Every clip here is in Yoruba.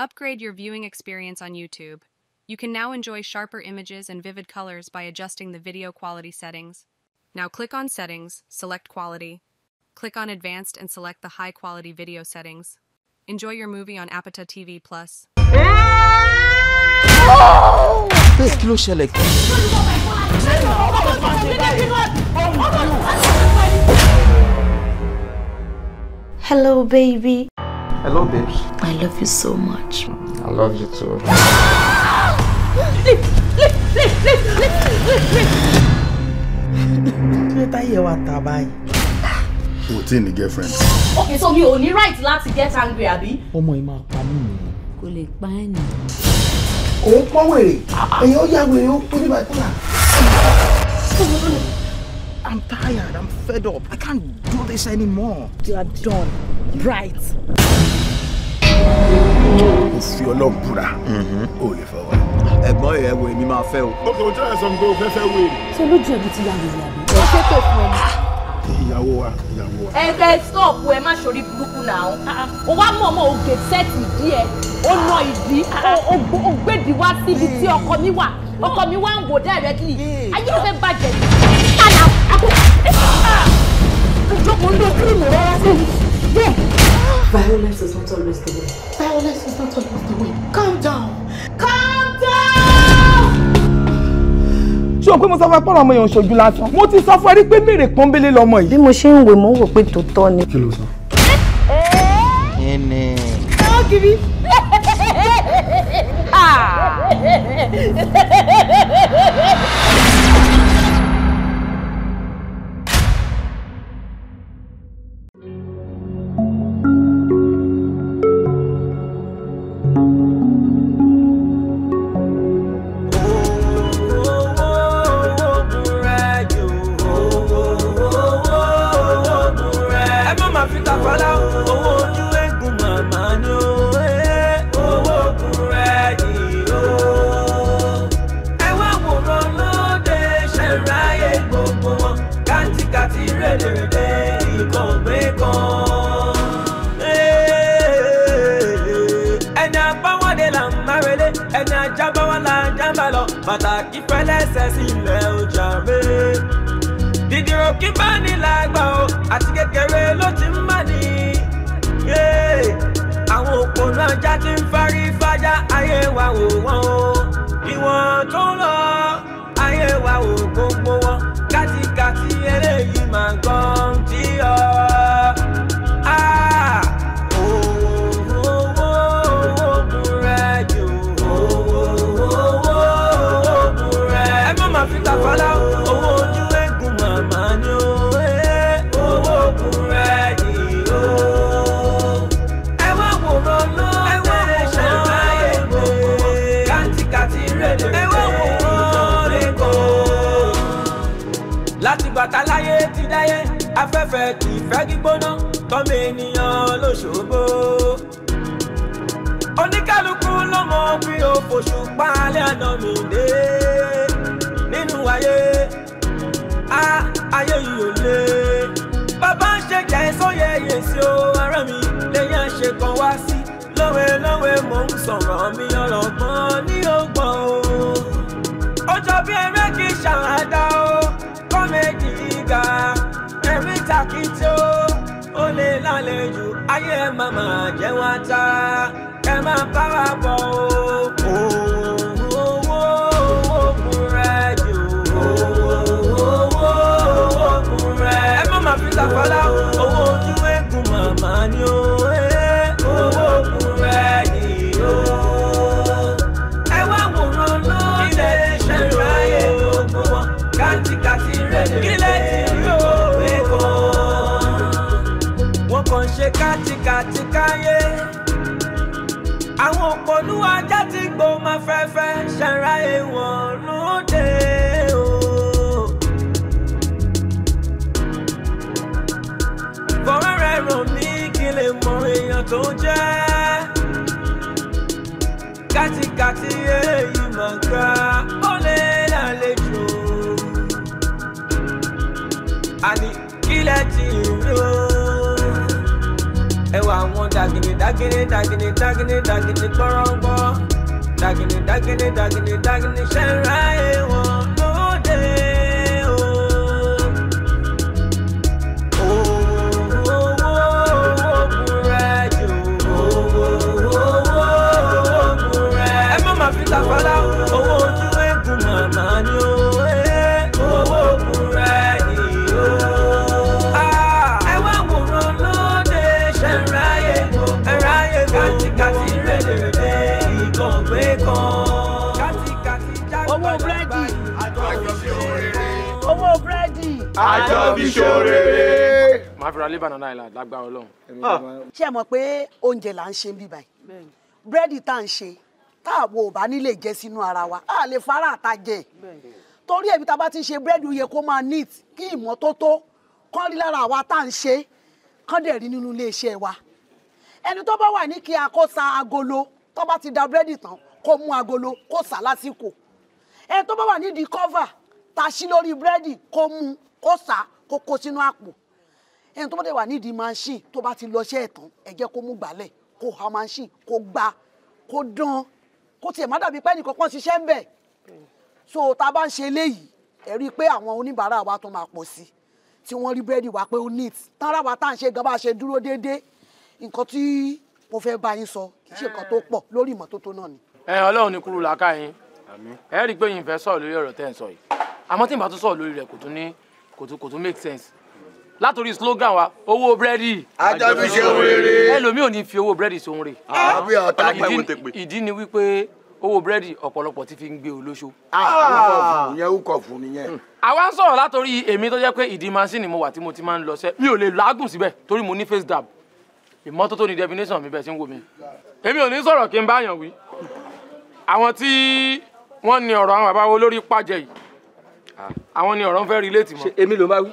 Upgrade your viewing experience on YouTube. You can now enjoy sharper images and vivid colors by adjusting the video quality settings. Now click on Settings, select Quality. Click on Advanced and select the High Quality Video settings. Enjoy your movie on Apata TV+. Plus. Hello, baby. I love babes. I love you so much. I love you too. Leave, leave, leave, leave, leave, leave, leave. Kí ló táyé wa ta báyìí? O ò tí girlfriend. Okay, so mi only ní right to get angry, àbí? Ọmọ yìí máa pa mí nù. Kò lè pa ẹ́ nù. Òun pọ́n wèrè, èèyàn ó yàgò èèyàn ó kú nígbà tó rà. I'm tired. I'm fed up. I can't do this anymore. You are done. Right. It's Mo fi Ọlọ́run búra. O lè fẹ́ wa. Ẹ̀gbọ́n ìyẹn wo èmi máa fẹ́ o. Ó kò tẹ́lẹ̀ sọ pé o fẹ́ fẹ́ wé. Ṣé lójú ẹbí ti yàgò yàgò? Ṣé ṣé kò fún ọ? Ìyàwó wa, ìyàwó wa. Ẹ ẹ stop ẹ má ṣorí burúkú náà. O wá mọ̀ mọ́ òkè sẹ́ẹ̀tì ìdí ẹ̀. O nà ìdí. O gbèdì wá síbi tí ọkọ mi wà. Ọkọ mi wá ń wò dẹ́rẹ́dì. Ayé ò fẹ́ bàjẹ́ ni. Violence pé mo sọ fún ẹ pọ́nrọ́ ọmọ yẹn ṣojú lásán mo ti sọ fún ẹ rí pé mèrè pọ́nbélé lọmọ yìí. bí mo ṣe ń wè mo ń wò pé tòótọ́ ni. kí ló sọ. kí ni. ọ̀ kiri. Bani ní làgbà o àti kékeré ló ti ń mà ní. àwọn òpó náà já ti ń farí fájá ayé wa wò wọ́n o òṣùpá alẹ́ àná mi dé nínú ayé a ayé yìí ò lé bàbá ń ṣe jà ẹ sóye yè sí o ara mi lẹ́yìn àṣẹ kan wá sí lọ́wẹ́ lọ́wẹ́ mò ń sọ̀rọ̀ mi ọlọ́gbọ́n ní ọgbọ́n o ọjọ́ bí ẹrẹ́ kì í ṣàlàdá o kọ́mẹ́dì gíga ẹ̀rí takìtì o ó lè lálejò ayé màmá jẹ́ ta ẹ máa bá wa bọ̀ o. Ṣọlá owó ojú eégún màmá ni ó eh, owó oògùn rẹ̀ ni ó. Ẹ wá wòran lóde ilẹ̀ ti ṣe ráyè gbogbo wọn kàtìkàtì rẹ̀ kílẹ̀ ti rí òwe kan. Wọ́n kàn ṣe kàtìkàtì káyé àwọn òpònú ajá ti gbó máa fẹ́fẹ́ ṣẹ̀ráyé wọn lóde. èèyàn tó jẹ́ kátikàti èyí máa gbà ó lè lálejò àní kílẹ̀ tí rí o ẹwà àwọn dàgìnì dàgìnì dàgìnì dàgìnì dàgìnì gbọ́rọ́gbọ́ dàgìnì dàgìnì dàgìnì dàgìnì ṣẹ́ńrà ẹ̀wọ̀n. sàfàlà owó ojú eégún màmá ni ó eh, owó oògùn rẹ̀ nìyí ó. Ah, ẹ wá wòran lóde ṣe ń ráyè ẹ ráyè kàtìkàtì rèdèrèdè ìgbọ̀ngbé kan. owó búrẹ́dì owó búrẹ́dì àjọ fi ṣoore. máa fi ra lébà náà láìla lágbára Ọlọ́run. Ah. ṣé ẹ mọ̀ pé oúnjẹ là ń ṣe ń bí búrẹ́dì tá à ń ṣe táàwọ̀ ò bá nílé jẹ sínú ara wa a lè fara àta jẹ torí ẹ̀mí tá a bá ti ń ṣe búrẹ́dì ó yẹ kó máa neat kí ìmọ́tótó kán rí lára àwa tá à ń ṣe kán dẹ̀ rí nínú iléeṣẹ́ wa ẹni tó bá wà ní kí a kó sa agolo tó bá ti da búrẹ́dì tán kó mú agolo kó sà lásìkò ẹni tó bá wà nídìí cover ta sí lórí búrẹ́dì kó mú kó sà kó kó sínú àpò ẹni tó bá dẹ̀ wà nídìí machine tó bá ti lọ ẹ̀tàn ẹ kó mú gbálẹ̀ kó ha machine kó gbá kó dán kó tiẹ̀ má dàbí pé ẹnìkan kan ṣiṣẹ́ ń bẹ̀ so tá a bá ń ṣe eléyìí ẹ rí i pé àwọn oníbàárà wa tó máa pọ̀ sí tí wọ́n rí búrẹ́dì wa pé ó neat tára wa tá à ń ṣe gan bá a ṣe dúró déédéé nǹkan tí mo fẹ́ bá yín sọ kì í ṣe nǹkan tó pọ̀ lórí ìmọ́tótó náà ni. ẹ ọlọ́run ní kúrú làákà yín ẹ rí i pé yìí fẹ́ sọ̀rọ̀ lórí ọ̀rọ̀ tẹ́ ń sọ yìí àmọ́ tí ìbá make sense látòrí slogan wa owó búrẹ́dì. ajá fi ṣe wéré. ẹlòmíì ò ní fi owó búrẹ́dì sóhun rè. àbí ọ̀tá pẹ́ wọ́n ti ìdí ni wípé owó búrẹ́dì ọ̀pọ̀lọpọ̀ ti fi ń gbé olóṣó. ìyẹn ukọ̀ fún nìyẹn. Hmm. àwa ń sọ̀rọ̀ látòrí èmi tó jẹ́ pé ìdí masini mo wà tí mo ti máa ń lọ sẹ́ mi ò lè lágùn síbẹ̀ torí mo ní face dab ìmọ́tótó ni definition mi bẹ́ẹ̀ sí ń wò mí. èmi ò ní sọ̀rọ̀ kí n bá yàn wí. àwọn tí wọ́n ní ọ̀rọ̀ àwọn bàbá wo lórí pàjẹ́ yìí ah, àwọn ní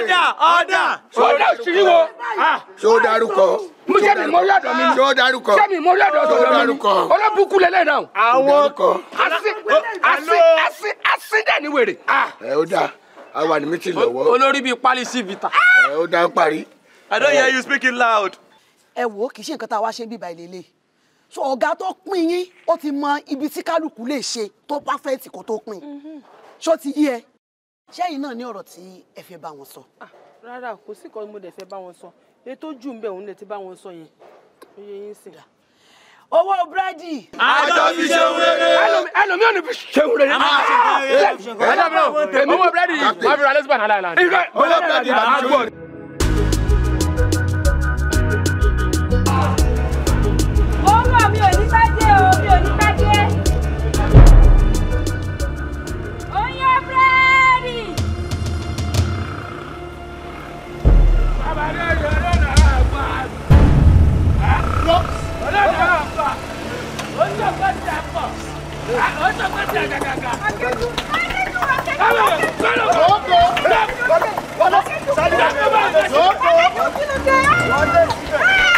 ọ̀dà ọ̀dà. ọ̀dà òṣìṣẹ́ wo. ṣé ó dárúkọ. sẹ́mi ah. mórí ọ̀dọ̀ mi. ṣé ó dárúkọ. sẹ́mi mórí ọ̀dọ̀ ọ̀dọ̀ mi. ṣé ó dárúkọ. olóbùkú lélẹ̀ náà. àwọn asi asi asi asidẹ̀ni wèrè. Ah. ẹ ó dáa a wà ní mítì lọ́wọ́. olórí bíi pálí sí vita. ẹ ó dáa parí. I don't hear you speaking loud. ẹ wo kì í ṣe nǹkan tá a wá ṣe bíbá ìlélẹ̀ so ọ̀gá tó pín yín ó ti mọ ibi tí kálukú lè ṣe tó perfect kó tó pín mhm. ṣó ti yí ẹ ṣẹ́yìn náà ní ọ̀rọ̀ tí ẹ fẹ́ bá wọn sọ. Ah, rárá kò sí kan mo dẹ̀ fẹ́ bá wọn sọ ètò jù ń bẹ̀ òun lè ti bá wọn sọ yẹn ó yẹ yín sìn. owó búrẹ́dì. àjọ fi ṣe rere. ẹlòmí ò ní fi ṣe ń rere. ẹlòmí ò ní fi ṣe ń rere. owó búrẹ́dì wàá fi ra lẹ́sìbọn náà láìláì. owó búrẹ́dì bàbá Lọ́kọ̀. Lọ́kọ̀. Sálí. Lọ́kọ̀. Lọ́kọ̀.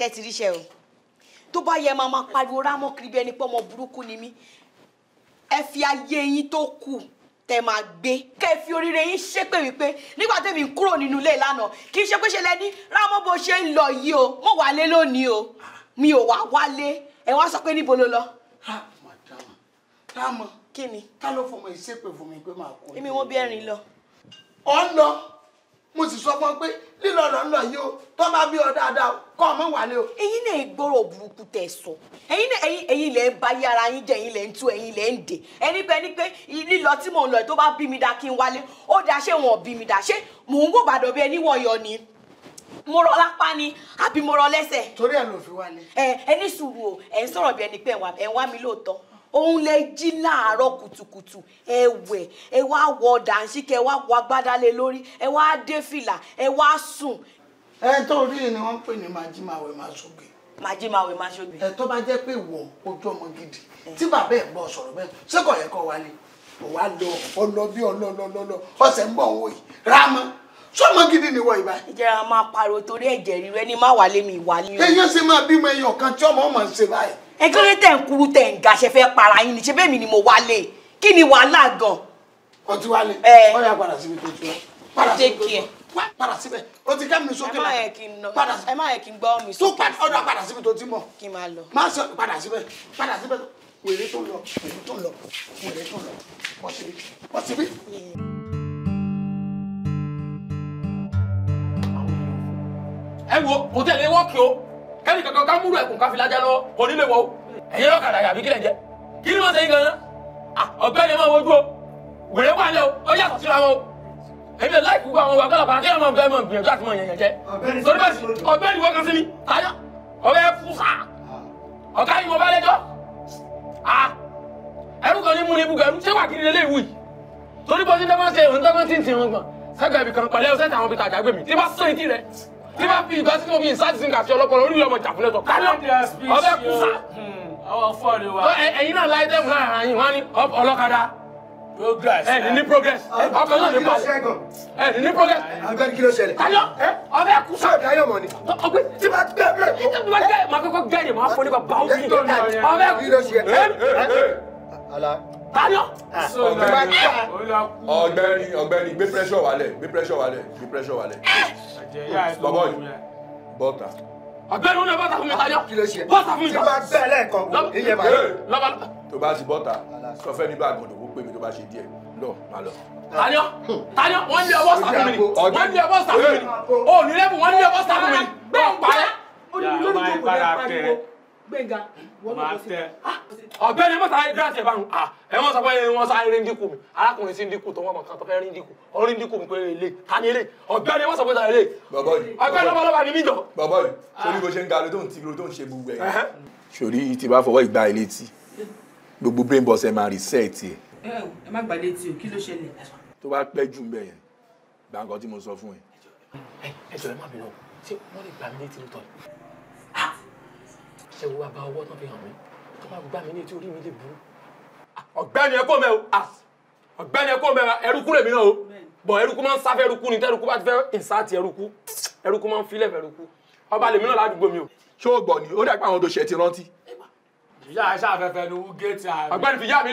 ṣe ti ríṣẹ́ o tó bá yẹ máa máa pariwo rámọ́ kiri bí ẹni pé ọmọ burúkú ni mí ẹ fi ayé yín tó kù tẹ máa gbé kẹ́ fi oríire yín ṣépè wípé nígbà tẹ́mi kúrò nínú ilé lánàá kì í ṣe pé ṣe lẹ́ni rámọ́ bó ṣe ń lọ yìí o mo wálé lónìí o mi ò wá wálé ẹ wá sọ pé níbo ló lọ. rámọ kí ni. ká ló fọmọ ìṣépè fún mi pé máa kú. èmi wọn bí ẹrin lọ. ọ̀ mo sì sọ fún ọ pé lílọ lọ yìí o tó bá bí ọ dáadáa kọ ọmọ wà lé o. ẹ̀yin náà gbọ́rọ̀ burúkú tẹ́ sọ ẹ̀yin náà ẹ̀yin ẹ̀yin lẹ ń bá yàrá yín jẹ ẹ̀yin lẹ ń tú ẹ̀yin lẹ ń dè ẹni bẹ ni pé lílọ tí mò ń lọ yìí tó bá bí mi dá kí n wálé ó dáa ṣé wọn bí mi dá ṣé mò ń wò bàdàn bí ẹni wọ̀n yọ ni mo rọ lápá ni àbí mo rọ lẹ́sẹ̀. torí ẹ ló fi wálé. ẹ ẹni sùúrù o ẹ ń sọ̀rọ̀ bí ẹni pé ẹ wá mi lóòótọ́ òun lè jí láàárọ̀ kùtùkùtù ẹ wẹ̀ ẹ wá wọ dànsíkẹ ẹ wá wọ agbádá lé lórí ẹ wá dé fìlà ẹ wá sùn. ẹ tó rí i ni wọ́n pè ní májímáwé máṣogbè. májímáwé máṣogbè. ẹ tó bá pé wọ ojú ọmọ gidi tí bàbá ẹ̀ gbọ́ sọ̀rọ̀ bẹ́ẹ̀ ṣé yẹ kó wálé lọ ọlọ bí ọlọlọlọ ń sọmọ gidi ni wọ ìbá. a máa pariwo torí ẹ̀jẹ̀ ríru ẹni má wà lémi ìwà ni o. eyín ṣe máa bímọ ẹyọ kan tí ọmọ ọmọ ń ṣe báyìí. ẹ kí tẹ̀ ń kuru tẹ̀ ń ga fẹ́ para yín ni ṣe bẹ́ẹ̀ mi ni mo wálé kí ni wàhálà gan. o ti wálé ọ yà padà síbi tó ti wá padà síbi tó padà síbẹ̀ o ti kẹ́mi sókè náà padà síbẹ̀. ẹ má yẹ kí n gbọ́ mi sókè. tó ọdọ padà síbi tó ti mọ̀ kí n máa lọ. má sọ padà síbẹ̀ padà síbẹ̀ wèrè tó lọ wèrè tó lọ wèrè tó lọ pọ̀ síbi pọ̀ síbi. ẹ wo kò tẹ̀lé wọ́ọ̀kì o kẹ́ni kankan ká múrò ẹ̀kùn ká fi lájà lọ kò nílé wọ o ẹ̀yin lọ́kàdà àbí kílẹ̀ jẹ kí ni wọ́n ṣe yín gan-an ọ̀bẹ ni ẹ máa wojú o wèrè wà lẹ o ó yàtọ̀ síra wọn o èmi ò láìpẹ́ gbogbo àwọn ọgbà kọ́lọ̀pàá kí ọmọ ọgbà ẹ̀mọ̀ gbìyànjú àti mọ̀ yẹ̀yẹ̀ jẹ́ torí bẹ́ẹ̀ sì ọgbẹ́ ìwọ kan sí mi táyà ọgbẹ́ fúsà ọ̀gá yìí mo bá lẹ́jọ́ ẹrú kan ní múni ibùgbà ẹrú ṣé wà kiri lélẹ́ ìwúyì torí bọ́sí tẹ́fọ́n ṣe òun tẹ́fọ́n tí ń tì wọn gbọ̀n sẹ́gbẹ̀ẹ́ ibì kan pẹ̀lẹ́ ọ̀sẹ̀ tàwọn ibi tàjà gbèmí tí bá sọ ìdí rẹ̀ tí bá fi ìgbà sínú omi ìsáàtìsìn àti ọlọ́pọ̀lọ́ orí ọmọ ìjàpùlẹ̀ sọ kárí ọbẹ̀ kú sá. àwọn hmm, wa. ẹ̀yin náà láyé dẹ́mu náà àyìn wọn ní ọlọ́kadà. progress. ẹ ní progress. ọkọ náà ní pàṣẹ. ẹ ní progress. agbẹ́ni kí ló ṣẹlẹ̀. tayọ ọbẹ̀ kú sá. ṣé ìdáyọ̀ mọ̀ ni. ọgbẹ́ tí bá gbẹ bẹ́ẹ̀. tí bá gbẹ máa kọ́kọ́ gẹ́rì máa fọ́ nípa báwùlì. ọbẹ̀ kú tayọ. Ah, ọ̀gbẹ́ni ọ̀gbẹ́ni gbé pressure wálẹ̀ gbé pressure wálẹ̀ gbé pressure wálẹ̀. bọ́bọ́ yìí bọ́ta. ọ̀gbẹ́ni ó lè bọ́ta fún mi tayọ. kí ló ṣe bọ́ta fún mi. tó bá bẹ́ẹ̀ lẹ́ẹ̀kan iye bá yẹ. tó bá ti bọ́ta sọ fẹ́ nígbà gbọ̀dọ̀ kó pè mí tó bá ṣe díẹ̀ lọ má lọ. tayọ tayọ wọn ní ọwọ́ sàfún mi wọn ní ọwọ́ sàfún mi òní lẹ́bùn wọn ní ọwọ́ sàfún mi bẹ́ẹ̀ ń parẹ́ gbẹ̀ngà wọ́n náà ah, sí. ọ̀gbẹ́ni mọ́ta ìdírásì ẹ̀bá ẹ wọ́n sọ pé wọ́n sáré ń dínkù mi arákùnrin sí ń dínkù tó wọ́n mọ̀ kan tó fẹ́ rí ń dínkù ó rí ń dínkù mi pé èlé ta ni èlé ọ̀gbẹ́ni wọ́n sọ pé sáré èlé ọ̀gbẹ́ni lọ́balọ́ba ni mí jọ. bàbá yìí sori bó ṣe ń ga ló tó ń tibiro tó ń ṣe gbogbo ẹ̀. sori ti bá fọwọ́ ìgbà ilé tí gbogbo brain boss ẹ máa reset ẹ. ẹ má gbà létí o kí ló ṣẹlẹ̀. tó bá pẹ́ jù mbẹ́ yẹn ẹ. ẹ má o ṣé gbà ṣe wo àbá ọwọ́ tán fi hàn mí tó bá gbá mi ní etí orí mi lè burú. ọ̀gbẹ́ni ẹ kó mẹ́ o ọ̀gbẹ́ni ẹ kó mẹ́ ẹrúkú lèmi náà o bọ̀ ẹrúkú máa ń sáfẹ́ ẹrúkú ni tẹ́rúkú bá ti fẹ́ ìnsáàtì ẹrúkú ẹrúkú máa ń filẹ̀ ẹrúkú ọba lèmi náà ládùúgbò mi o. ṣé o gbọ́ ni ó dàgbà àwọn odò ti rántí ìyá ẹ ṣàfẹ́fẹ́ ni wú géètì àná. ọ̀gbẹ́ni fi yá mi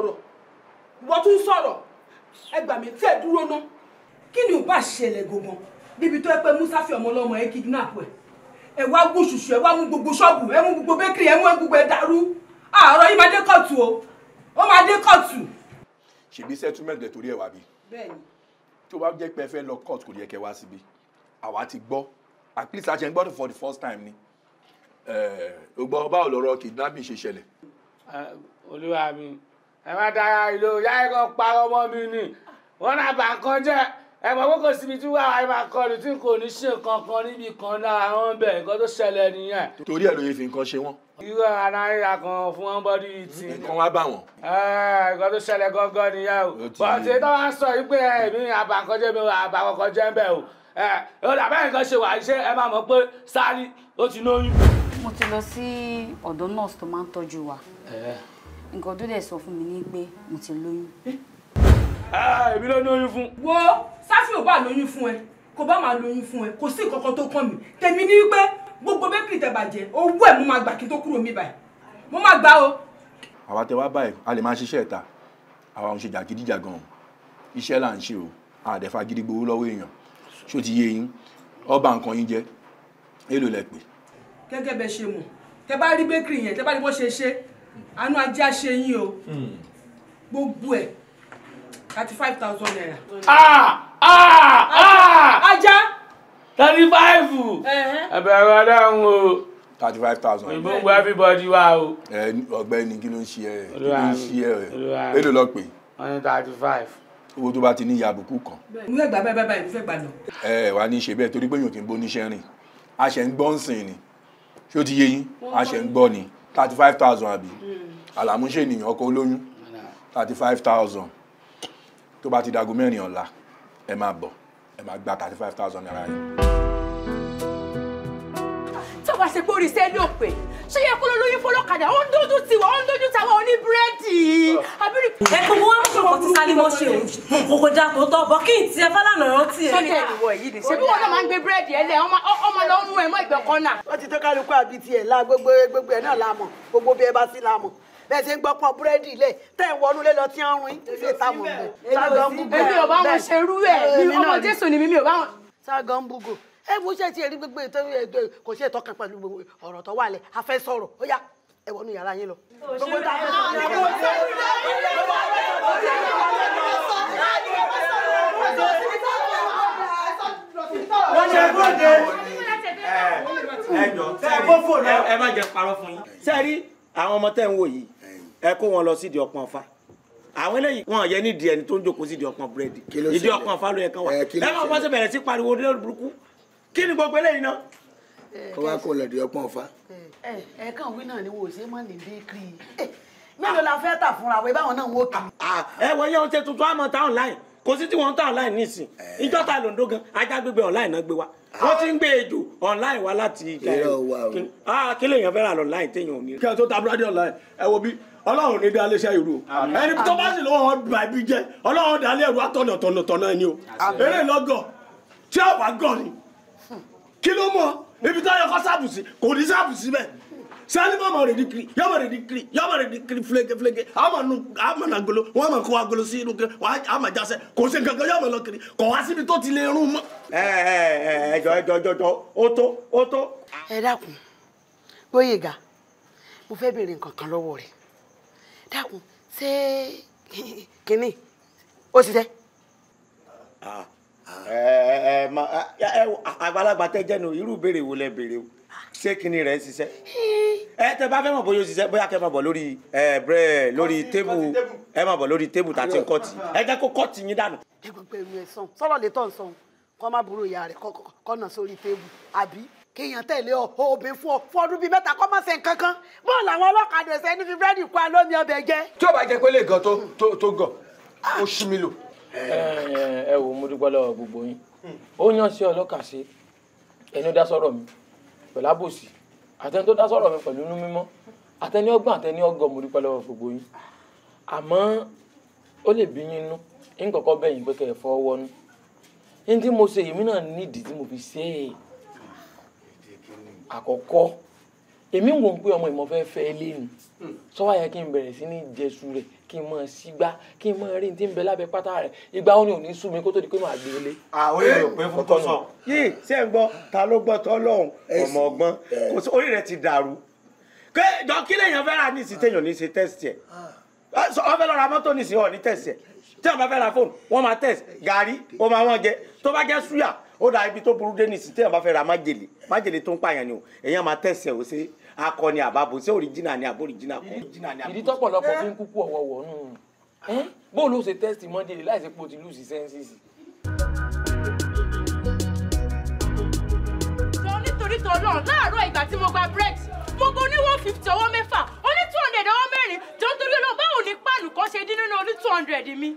lẹ wọ́n tún sọ̀rọ̀ ẹ gbà mí tẹ́ dúró ná kí ni ò bá ṣẹlẹ̀ gbọ̀ngàn níbi tó ẹ pé Musa fi ọmọ ọlọ́mọ ẹ kidnap ẹ ẹ wá wú ṣùṣù ẹ wá mú gbogbo ṣọ́ọ̀bù ẹ mú gbogbo bẹ́kìrì ẹ mú gbogbo ẹ dàrú àárọ̀ yìí máa dé kóòtù o ó máa dé kóòtù. ṣèbí settlement lẹ torí ẹ wá bí. bẹ́ẹ̀ni. tí o bá jẹ́ pé ẹ fẹ́ lọ court kò yẹ kẹ́ wá síbi àwa ti gbọ́ at least a ṣe ń gbọ́dọ̀ for the first time ni o gbọ́ báwo lọ́rọ̀ kidnapping ṣe ṣẹlẹ̀. olúwa mi ẹ má dára ìlò yáyẹ kan parọ́ ọmọ mi ni wọ́n náà bà nǹkan jẹ́ ẹ mọ̀ pé kò síbi tí wàá máa kọlù tí kò ní ṣe kankan níbi kan náà àwọn bẹ̀ nǹkan tó ṣẹlẹ̀ nìyẹn. torí ẹ ló yẹ fi nǹkan ṣe wọn. irú ara ríra kan fún wọn bọ́dí ti. nǹkan wá bá wọn. nǹkan tó ṣẹlẹ̀ gangan nìyẹn o. bọ̀dé tó wá sọ yìí pé èmi àbàkànjẹ́ mi àbàkànjẹ́ ń bẹ̀ o. ó dàbẹ́ nǹkan ṣe wà ṣé ẹ máa mọ̀ pé Sálí ó ti lóyún. mo ti lọ sí ọ̀dọ̀ nọ́ọ̀sì tó máa ń tọ́jú wa nǹkan tó dẹ̀ sọ fún mi ni pé mo ti lóyún. Ah, èmi ló ní oyún fún. wo sáfì ò bá lóyún fún ẹ kò bá máa lóyún fún ẹ kò sí nǹkan kan tó kàn mí tèmi ní wípé gbogbo bẹ́ẹ̀kì tẹ̀bàjẹ́ owó ẹ̀ mo máa gbà kí n tó kúrò mi báyìí mo máa gbà o. àwa tẹ wá báyìí a lè máa ṣiṣẹ́ ìta àwa ń ṣe jàgídíjàgan iṣẹ́ là ń ṣe o àdẹ̀fà gidi gbowó lọ́wọ́ èèyàn ṣó ti yé yín ọba nǹkan yín jẹ́ èlò lẹ pè. gẹ́gẹ́ bẹ ṣe mọ̀ tẹ bá rí bẹ́kìrì yẹn tẹ bá rí bó ṣe ṣe àánú ajé àṣẹ yín o hmm. gbogbo ẹ̀ thirty five thousand naira. Ah! Ah! Ah! ajá. thirty five ẹ̀bẹ̀rù ọlọ́run o thirty five thousand. òyìnbó ń gbọ́ everybody wá o. ẹ ọ̀gbẹ́ni kí ló ń ṣe ẹ kí ló ń ṣe ẹ rẹ èlò lọ pé. wọ́n thirty five owó tó bá ti ní yàbùkù kan. mo fẹ́ gbà báyìí báyìí mo fẹ́ gbà lọ. ẹ wà ní ṣe bẹ́ẹ̀ torí pé èèyàn ti ń bó níṣẹ́ rìn a ṣe ń gbọ́ ń sìn ni ṣé ó ti yé yín a ṣe ń gbọ́ ni thirty five thousand abi. Hmm. àlàmúṣe ènìyàn ọkọ olóyún thirty five thousand tó bá ti dago mẹ́rin ọ̀la ẹ máa bọ̀ ẹ máa gba thirty five thousand naira yẹn ò bá ṣe pé oríṣẹ́ ló pè ṣé yẹ kó lóyún fọlọ́kadà ó ń dójú tiwa ó ń dójú tàwa ó ní búrẹ́dì. àbírí. mú wọn kò sálí mọ ṣe o kòkò da tó tọ bọ kí n tiẹ fálànà rántí ẹ. sọtẹ ìwọ yìí ni ṣebí wọn náà máa ń gbé búrẹ́dì ẹ lẹ ọmọ lọ mú ẹ mọ ìgbẹ́ kọ́nà. wọ́n ti tó kálukú àbí tiẹ̀ la gbogbo gbogbo ẹ̀ náà la mọ̀ gbogbo bí ẹ bá sí la mọ̀ bẹ́ẹ̀ ṣe ń gbọ́ pọ́n búrẹ́dì lẹ̀ tẹ̀ wọnú lé lọ tí ń rún ilé ìtamọ̀ bẹ́ẹ̀. èmi ò bá wọn ṣerú ẹ̀ ọmọ jésù ni mi ò bá wọn. sáà gan bugo ẹ wo ṣe ti ẹ̀rí gbogbo ètò ètò kò ṣe ìtọ́kan pẹ̀lú ọ̀rọ̀ tó wà lẹ̀ a fẹ́ sọ̀rọ̀ ó yá ẹ wọnú yàrá yín lọ. a fẹ́ ẹ má jẹ parọ́ fún yín. sẹ́ẹ̀rí àwọn ọmọ tẹ́ ń wò yìí ẹ kó wọn lọ sídìí ọpọ́n fa àwọn eléyìí wọn yẹ ní ẹni tó ń jókòó sídìí ọpọ́n búrẹ́dì ìdí ọpọ́n fa ló yẹ kán wà ẹ má bọ́ sí bẹ̀rẹ̀ sí pariwo lórí burúkú kí ni gbogbo eléyìí náà. kó wá kó lọ́dí ọpọ́n fa. ẹ ẹ kàn wí náà ni wò ó ṣe mọ́ ní bíkìrì mélòó la fẹ́ tà fúnra wẹ báwọn náà wò kì. Ah, ah. ẹ wọ iye oúnjẹ tuntun àmọ́ ta online kò sí tí wọ́n ń ta online nísìn eh. ìjọ ta lòǹdó gan ajá gbégbé online náà gbé wa ah. wọ́n ti ń gbé ejò online wa láti ìgbà yẹn kí lèèyàn fẹ́ lọ online téèyàn ò ní. kí ẹ tó ta búrádì online ẹ wo bí ọlọ́run ní dálé iṣẹ́ ìrù ẹni tó bá sì lọ́wọ́ bá ibi jẹ́ ọlọ́run dálé ẹ̀rù atọ́nà tọ̀nà tọ̀nà ẹni o eré lọ́gọ̀ tí ó wà gọ̀ ni kí ló mọ ibi tó yẹ kó sáàbù sí kò ní sáàbù sí bẹ́ẹ̀ sani ma ma redi kiri yọ ma redi kiri yọ ma redi ama nu ama na golo wọn ma kó agolo sí inú kiri wọn ama jase kò se nkankan yọ lọ kiri kò wá síbi tó ti lè rún mọ. ẹ ẹ ẹ jọ jọ jọ jọ ó tó ó tó. ẹ dákun Gbóyèga mo fẹ́ béèrè nǹkan kan lọ́wọ́ rẹ̀ dákun ṣé kínní ó ti tẹ́. Ah, ah, ẹ ẹ àgbàlagbà tẹ jẹ́nu irú ìbéèrè wo lẹ béèrè o ṣé kinní rẹ̀ ń ṣiṣẹ́ ẹ tẹ bá fẹ́ mọ̀ bóyá ó ṣiṣẹ́ bóyá kẹ́ máa bọ̀ lórí ẹ brẹ lórí tébù ẹ máa bọ̀ lórí tébù tàti kọ́ọ̀tì ẹ jẹ́ kó kọ́ọ̀tì yín dànù. ẹ gbọ́dọ̀ ẹnu ẹ̀ sàn sọ̀rọ̀ lè tọ̀ ń sàn kọ́ má burú ìyá rẹ̀ kọ́nà sórí tébù àbí kéèyàn tẹ̀lé òbí fún ọ fún ọdún bíi mẹ́ta kọ́ má ṣe nǹkan kan bọ́ọ̀ làwọn ọlọ́kadà ẹ̀sẹ̀ ní fi búrẹ́dì kó alómi ọbẹ̀ jẹ. tí ó bá jẹ pé lè gan tó gàn ó ṣí mi lò. ẹ ẹ wò mo dúpẹ́ lọ́wọ́ gbogbo yín ó yàn sí ọlọ́kà sí ẹni ó dá sọ̀rọ̀ mi pẹ̀lú àbòsí àtẹni tó dá sọ̀rọ̀ mi pẹ̀lú inú mímọ́ àtẹni ọgbọ́n àtẹni ọgọ́ mo dúpẹ́ lọ́wọ́ gbogbo yín àmọ́ ó lè bí yín nú ń kọ́kọ́ bẹ̀yìn pé kẹ́ ẹ̀ fọ́ wọnú ní tí mo ṣe èmi náà nídìí tí mo fi ṣe é àkọ́kọ́ èmi ń wò pé ọmọ ìmọ̀ fẹ́ fẹ́ lẹ́nu hmm. sọ́wọ́ yẹ kí n bẹ̀rẹ̀ sí ní jẹ̀sù rẹ̀ kí n mọ̀ sígbá kí n mọ̀ rí ní ti ń bẹ lábẹ́ pátá rẹ̀ ìgbà ó ní òní sú mi kó tó di pé màá gbé e lé. àwọn èèyàn pé fún tó sàn. yìí ṣé ń gbọ́ ta ló gbọ́ tọ́ lọ́hùn ọmọ ọgbọ́n kò sí orí rẹ̀ ti dàrú. pé jọ kí lèèyàn fẹ́ ra nísìsiyìí téèyàn ní ṣe tẹ́sítì ẹ̀ wọ́n fẹ́ lọ ra mọ́tò nísìsiyìí ọ̀ ní tẹ́sítì ẹ̀ tí wọ́n bá fẹ́ ra fóònù wọ́n máa tẹ́sì gàrí ó máa wọ́n jẹ tó bá jẹ́ súyà ó dà ibi tó burú dé nìsí téèyàn bá fẹ́ ra májèlé májèlé tó ń pààyàn ni o èèyàn máa tẹ̀sẹ̀ ò ṣe akọni àbábo ṣé òrìjìnà ni àbó òrìjìnà kọ́. ìdí tọ́pọ̀lọpọ̀ fi ń kúkú ọ̀wọ̀wọ̀ nù bóun ló ṣe tẹ́sítì mọ́ndélé láìsí pé o ti lùsì sẹ́ńsìsì. jọ nítorí tọ́lọ́ láàárọ̀ ìgbà tí mo gba bread mo gbọ́ ní one fifty ọwọ́ mẹ́fà ó ní two hundred ọwọ́ mẹ́rin jọ nítorí ọlọ́ báwo ni páàlù kan ṣe dín nínú orí two hundred mi.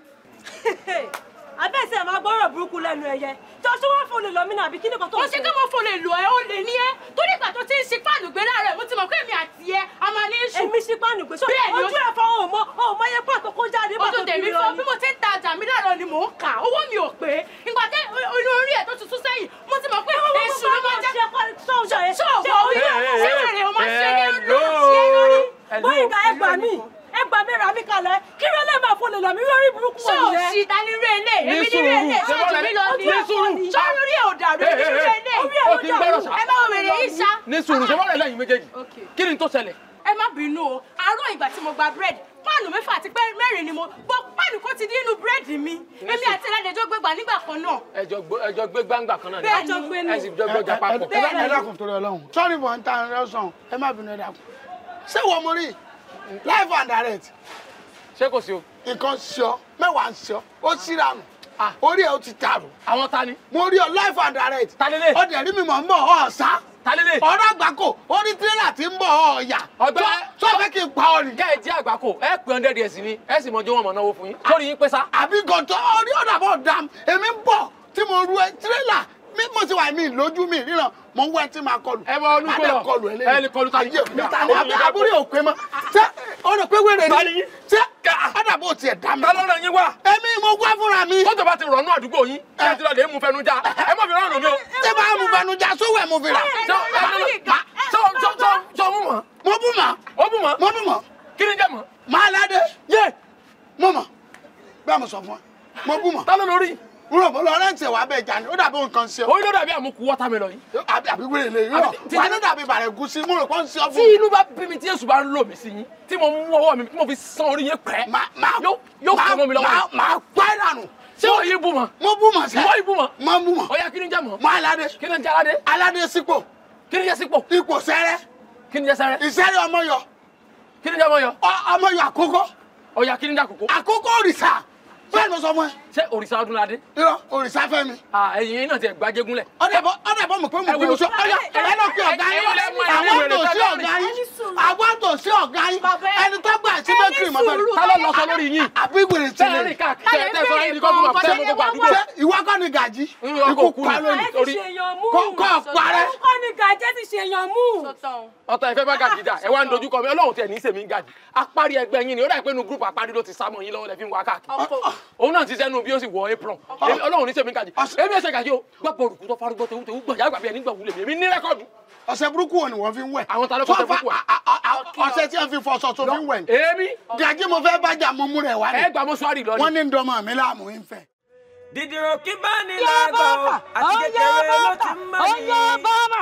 abẹ́sẹ̀ máa gbọ́rọ̀ burúkú lẹ́nu ẹ̀yẹ tó ṣé wọ́n fòlè lọ mí náà àbí kí nìkan tó ń ṣe. ó ṣe kí mo fòlè lọ ẹ ó lè ní ẹ torí ìgbà tó ti ń ṣe páànù gbé láàárẹ̀ mo ti mọ̀ pé èmi àti ẹ a máa ní iṣu. èmi ṣe páànù gbé sọ́ọ́ ojú ẹ̀ fọ́ òun mọ́ òun mọ́ iye pàtó kó jáde pàtó kiri lọ ni. ojú tèmi fọ́ bí mo ti ń ta ọjà mi lọ́rọ̀ ni mò ń kà owó mi ò pé ìgbà tẹ inú orí ẹ̀ tó tutù sẹ́yìn mo ti mọ̀ pé èṣù ló máa jẹ́ ṣọ́ọ̀ṣọ́ ẹ̀ ṣọ́ọ̀ṣọ́ ẹ gbà mí ra mi kalẹ̀ kí ló lè máa fọlẹ̀ lọ mi lórí burúkú wọn nìyẹn. ṣọ́ọ̀ṣì ta ni rẹ̀ lè èmi ni rẹ̀ lè ṣọ́ọ̀ṣì mi lọ ní ọ̀fọ̀ni ṣọ́ọ̀rù rí ọ̀dà rẹ̀ ní rẹ̀ lè orí ẹ̀ ọ̀dà rẹ̀ ẹ bá wọn wèrè yìí ṣá. ní sùúrù ṣe wọ́n ah, rẹ̀ lẹ́yìn méjèèjì kí ni tó ṣẹlẹ̀. ẹ má bínú o àárọ̀ ìgbà tí mo gba búrẹ́dì páànù mẹ́fà àti mẹ́rin ni mo gbọ́ páànù kó ti dín inú búrẹ́dì mi èmi àti ẹlẹ́dẹ̀ẹ́jọ́ gbégbá nígbà kan náà. ẹjọ gbé gbangba kan náà ni ẹjọ gbé ni ẹsì jọ gbọjà papọ̀. ẹ dákun torí Ọlọ́run sọrí bọ̀ ń ta ẹ sàn ẹ má bínú ẹ dákun ṣé wọ́n mo rí i live and direct. ṣé kò sí o. nǹkan ṣọ mẹ́wàá ń ṣọ ó síra nù ah. orí ẹ̀ ó ti dàrú. àwọn ta ni. mo rí ọ live and direct. ta lélẹ̀. ọdẹ rí mi mọ̀ ń bọ̀ ọ̀ sá. ta lélẹ̀. ọ̀rọ̀ àgbákò orí tírélà ti ń bọ̀ ọ̀ yà. ọgbẹ́ tó fẹ́ kí n pa ọ ni. kẹ́ ẹ jí àgbákò ẹ pè ọ́n dẹ́ẹ̀dì ẹ̀sìn ni ẹ sì mọ̀jú wọn mọ̀ náwó fún yín. lórí yín pé sá. àbí gọ̀tọ̀ orí ọ̀dà bọ̀ dam èmi ń bọ̀ tí mo ru tírélà mo ti wà mo ń wá ẹtí máa kọlù ẹ wọ ọdún kọlù kọlù ẹ lẹ́yìn ẹ kọlù tàbí ẹ abúlé òkè mọ ṣé ọ̀nà pé wẹ́rẹ́ ni ṣé àdàbò tiẹ̀ dá mi. tálọ́nà yín wá. èmi mo wá fúnra mi. tó tọba ti rọ̀nù àdúgbò yín ẹ ti lọ lè mú fẹnu já ẹ mọ̀ fi rọ̀nù mi o. ṣé bá mú fẹnu já sówẹ̀ mú fi rà. sọ mú mọ. mo bú mọ. o bú mọ. mo bú mọ. kí ni jẹ́ mọ. màá ládé. yé mo mọ bẹ́ẹ̀ mo sọ fún ẹ mo bú mọ. tálọ́nà orí wúrọ̀ mo lọ rẹ́ǹtì wà bẹ́ẹ̀ jà ni ó dàbí nǹkan ṣe. ó ló watermelon yìí. àbí àbí wèrè lè yọ wà ní dàbí bàrẹ̀ gúsí mo rò pọ́n ṣe ọ́ fún mi. tí inú bá bí mi tí èṣù bá ń lò mí sí yín tí mo mú ọwọ́ mi tí mo fi san orí yẹn pẹ́. yóò kọ́ mọ́ mi lọ́wọ́. màá gbá ìlànà ṣé o yí bú ma. mo bú ma sẹ. mo yí bú ma. mo bú ma. ọya kí jẹ mọ. mo alade. kí jẹ alade. alade sípò. kí jẹ sípò. ipò sẹrẹ. kí jẹ sẹrẹ. ìsẹrẹ ọmọ yọ. kí jẹ ọmọ yọ. ọmọ yọ àkókò. ọya kí jẹ àkókò. àkókò òrìṣà bẹ́ẹ̀ ló sọ fún ẹ ṣé òrìṣà ọdúnladé. irọ́ òrìṣà fẹ́ mi. ẹ̀yin iná ti ẹ̀ gbajégún lẹ̀. ọ̀dẹ̀bọ̀ ọ̀dẹ̀bọ̀ mọ̀ pé mo kú muso ọ̀yà ẹ̀yẹ́ lọ fi ọ̀gá yín àwọn tó sí ọ̀gá yín àwọn tó sí ọ̀gá yín ẹni tó gbà sí bẹ́kìrì mọ́tò rẹ̀. ta ló lọ sọ lórí yín. àbí gbèrè sílẹ̀ ìwọ kọ́ ni gàjí ikú pa lónìí kọ́ parẹ́. kọ́ ni gàjí ti ṣe èèyàn mú. ọ̀tọ̀ ìfẹ́ bá gàjí jà ẹ wá ń dojúkọ mi ọlọ́run tiẹ̀ ní í sèmi gàjí apárí ẹgbẹ́ yín ni ó dà pé inú gúrùpù apárí ló ti sá mọ́ yín lọ́wọ́ lẹ́fí ń wá káàkiri òun náà ti sẹ́nu nínú bí ó sì wọ apron ah. ọlọ́run ní sẹ́mi kàjí èmi ẹsẹ̀ kàjí o gbàgbọ́ òrùkú tó farugbọ́ tẹ̀wú tẹ̀wú gbọ̀jà àgbà bíi ẹni gbà wúlẹ̀ mi ní rẹ́kọ̀dù. ọṣẹ burúkú wọn ni wọn fi ń wẹ. àwọn talẹ fọṣẹ burúkú wa. ọṣẹ tí wọn fi fọṣọ tó fi ń wẹ. èmi. gàjí mo fẹ́ bàjẹ́ mo mú rẹ̀ wá ni. ẹ gbà mo sọ́ọ̀rì lọ ni. wọ́n ní ndọ́mọ mi láàmú ń fẹ́. dìdìrò kí bá ní lágbó àti kékeré ló ti má ní. ọyọ bọ́ọ̀mà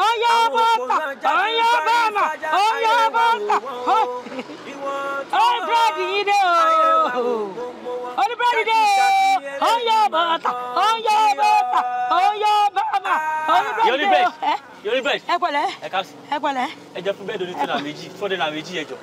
ọyọ bọ́ọ̀mà ọyọ bọ́ọ̀mà ọyọ bọ́ọ̀mà ó búrẹ́dì yìí dé o ó ní búrẹ́dì dé o ó ń yọ bàtà ó ń yọ bàtà ó ń yọ bàbà ó ní búrẹ́dì dé o. yorì bẹ́ẹ̀ ẹ pẹ̀lẹ́ ẹ káàsì ẹ pẹ̀lẹ́. ẹ jẹ fún bẹ́ẹ̀ doni tó nà méjì fún dẹ́nà méjì ẹ jọ.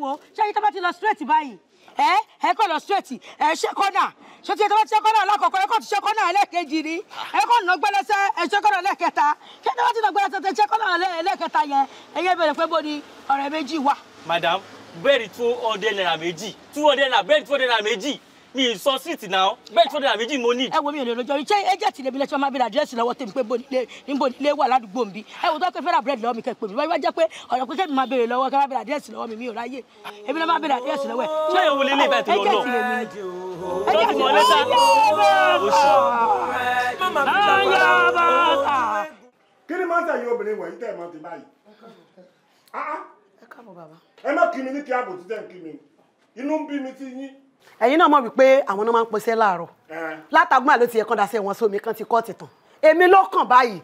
wo ṣé ayé tó bá ti lọ straight báyìí ẹ ẹ kọ lọ straight ẹ ṣe kọ́nà ṣé ẹ tó bá ṣe kọ́nà alákọ̀ọ́kọ́ ẹ kọ́ ti ṣe kọ́nà ẹlẹ́ẹ̀kejì ni ẹ kọ́ nà gbẹ́lẹ́sẹ̀ ẹ ṣe kọ́nà ẹlẹ́ẹ̀kẹta ṣé tí ẹ bá ti nà gbẹ́lẹ́sẹ̀ ẹ ṣe kọ́nà ẹlẹ́ẹ̀kẹta yẹn ẹ yẹ pé bó ni ọ̀rẹ́ méjì wà. madam bẹ́ẹ̀ ni two hundred naira méjì two hundred naira bẹ́ẹ̀ ni two hundred naira méjì mi sọ síìtì náà bẹ́ẹ̀ tí wọ́n dẹ̀ àbíjì mo ní. ẹ wo mi ò lè lọ́jọ́ iṣẹ́ ẹjẹ̀tì lèmi lẹ́sọ̀ máa bèrè àdírẹ́sì lọ́wọ́ tèmi pé níbo nílé wà ládùúgbò mi ẹ wo tó pé fẹ́ràn búrẹ́dì lọ́wọ́ mi kẹ́ pé mi wáyé jẹ́ pé ọ̀rọ̀ pé kẹ́mi máa bèrè lọ́wọ́ kẹ́ máa bèrè àdírẹ́sì lọ́wọ́ mi mi ò ráyè èmi náà máa bèrè àdírẹ́sì lọ́wọ́ ẹ̀. ṣé ìwọ lè lè bá ti lọ lọ. kí ni máa ń tẹ̀yìn obìnrin wọ̀nyí tẹ̀ mọ́ ti báyìí? Ah, ah. ẹ má kí mi ní kí àbòtí tẹ̀ ń kí mi inú ń bí mi ti yín ẹ̀yin náà mọ̀ wípé àwọn náà máa ń pèsè láàárọ̀ látàgbọ́n àló ti yẹ kán dasẹ́ wọn sómi kan ti kọ́ọ̀tì tán èmi ló kàn báyìí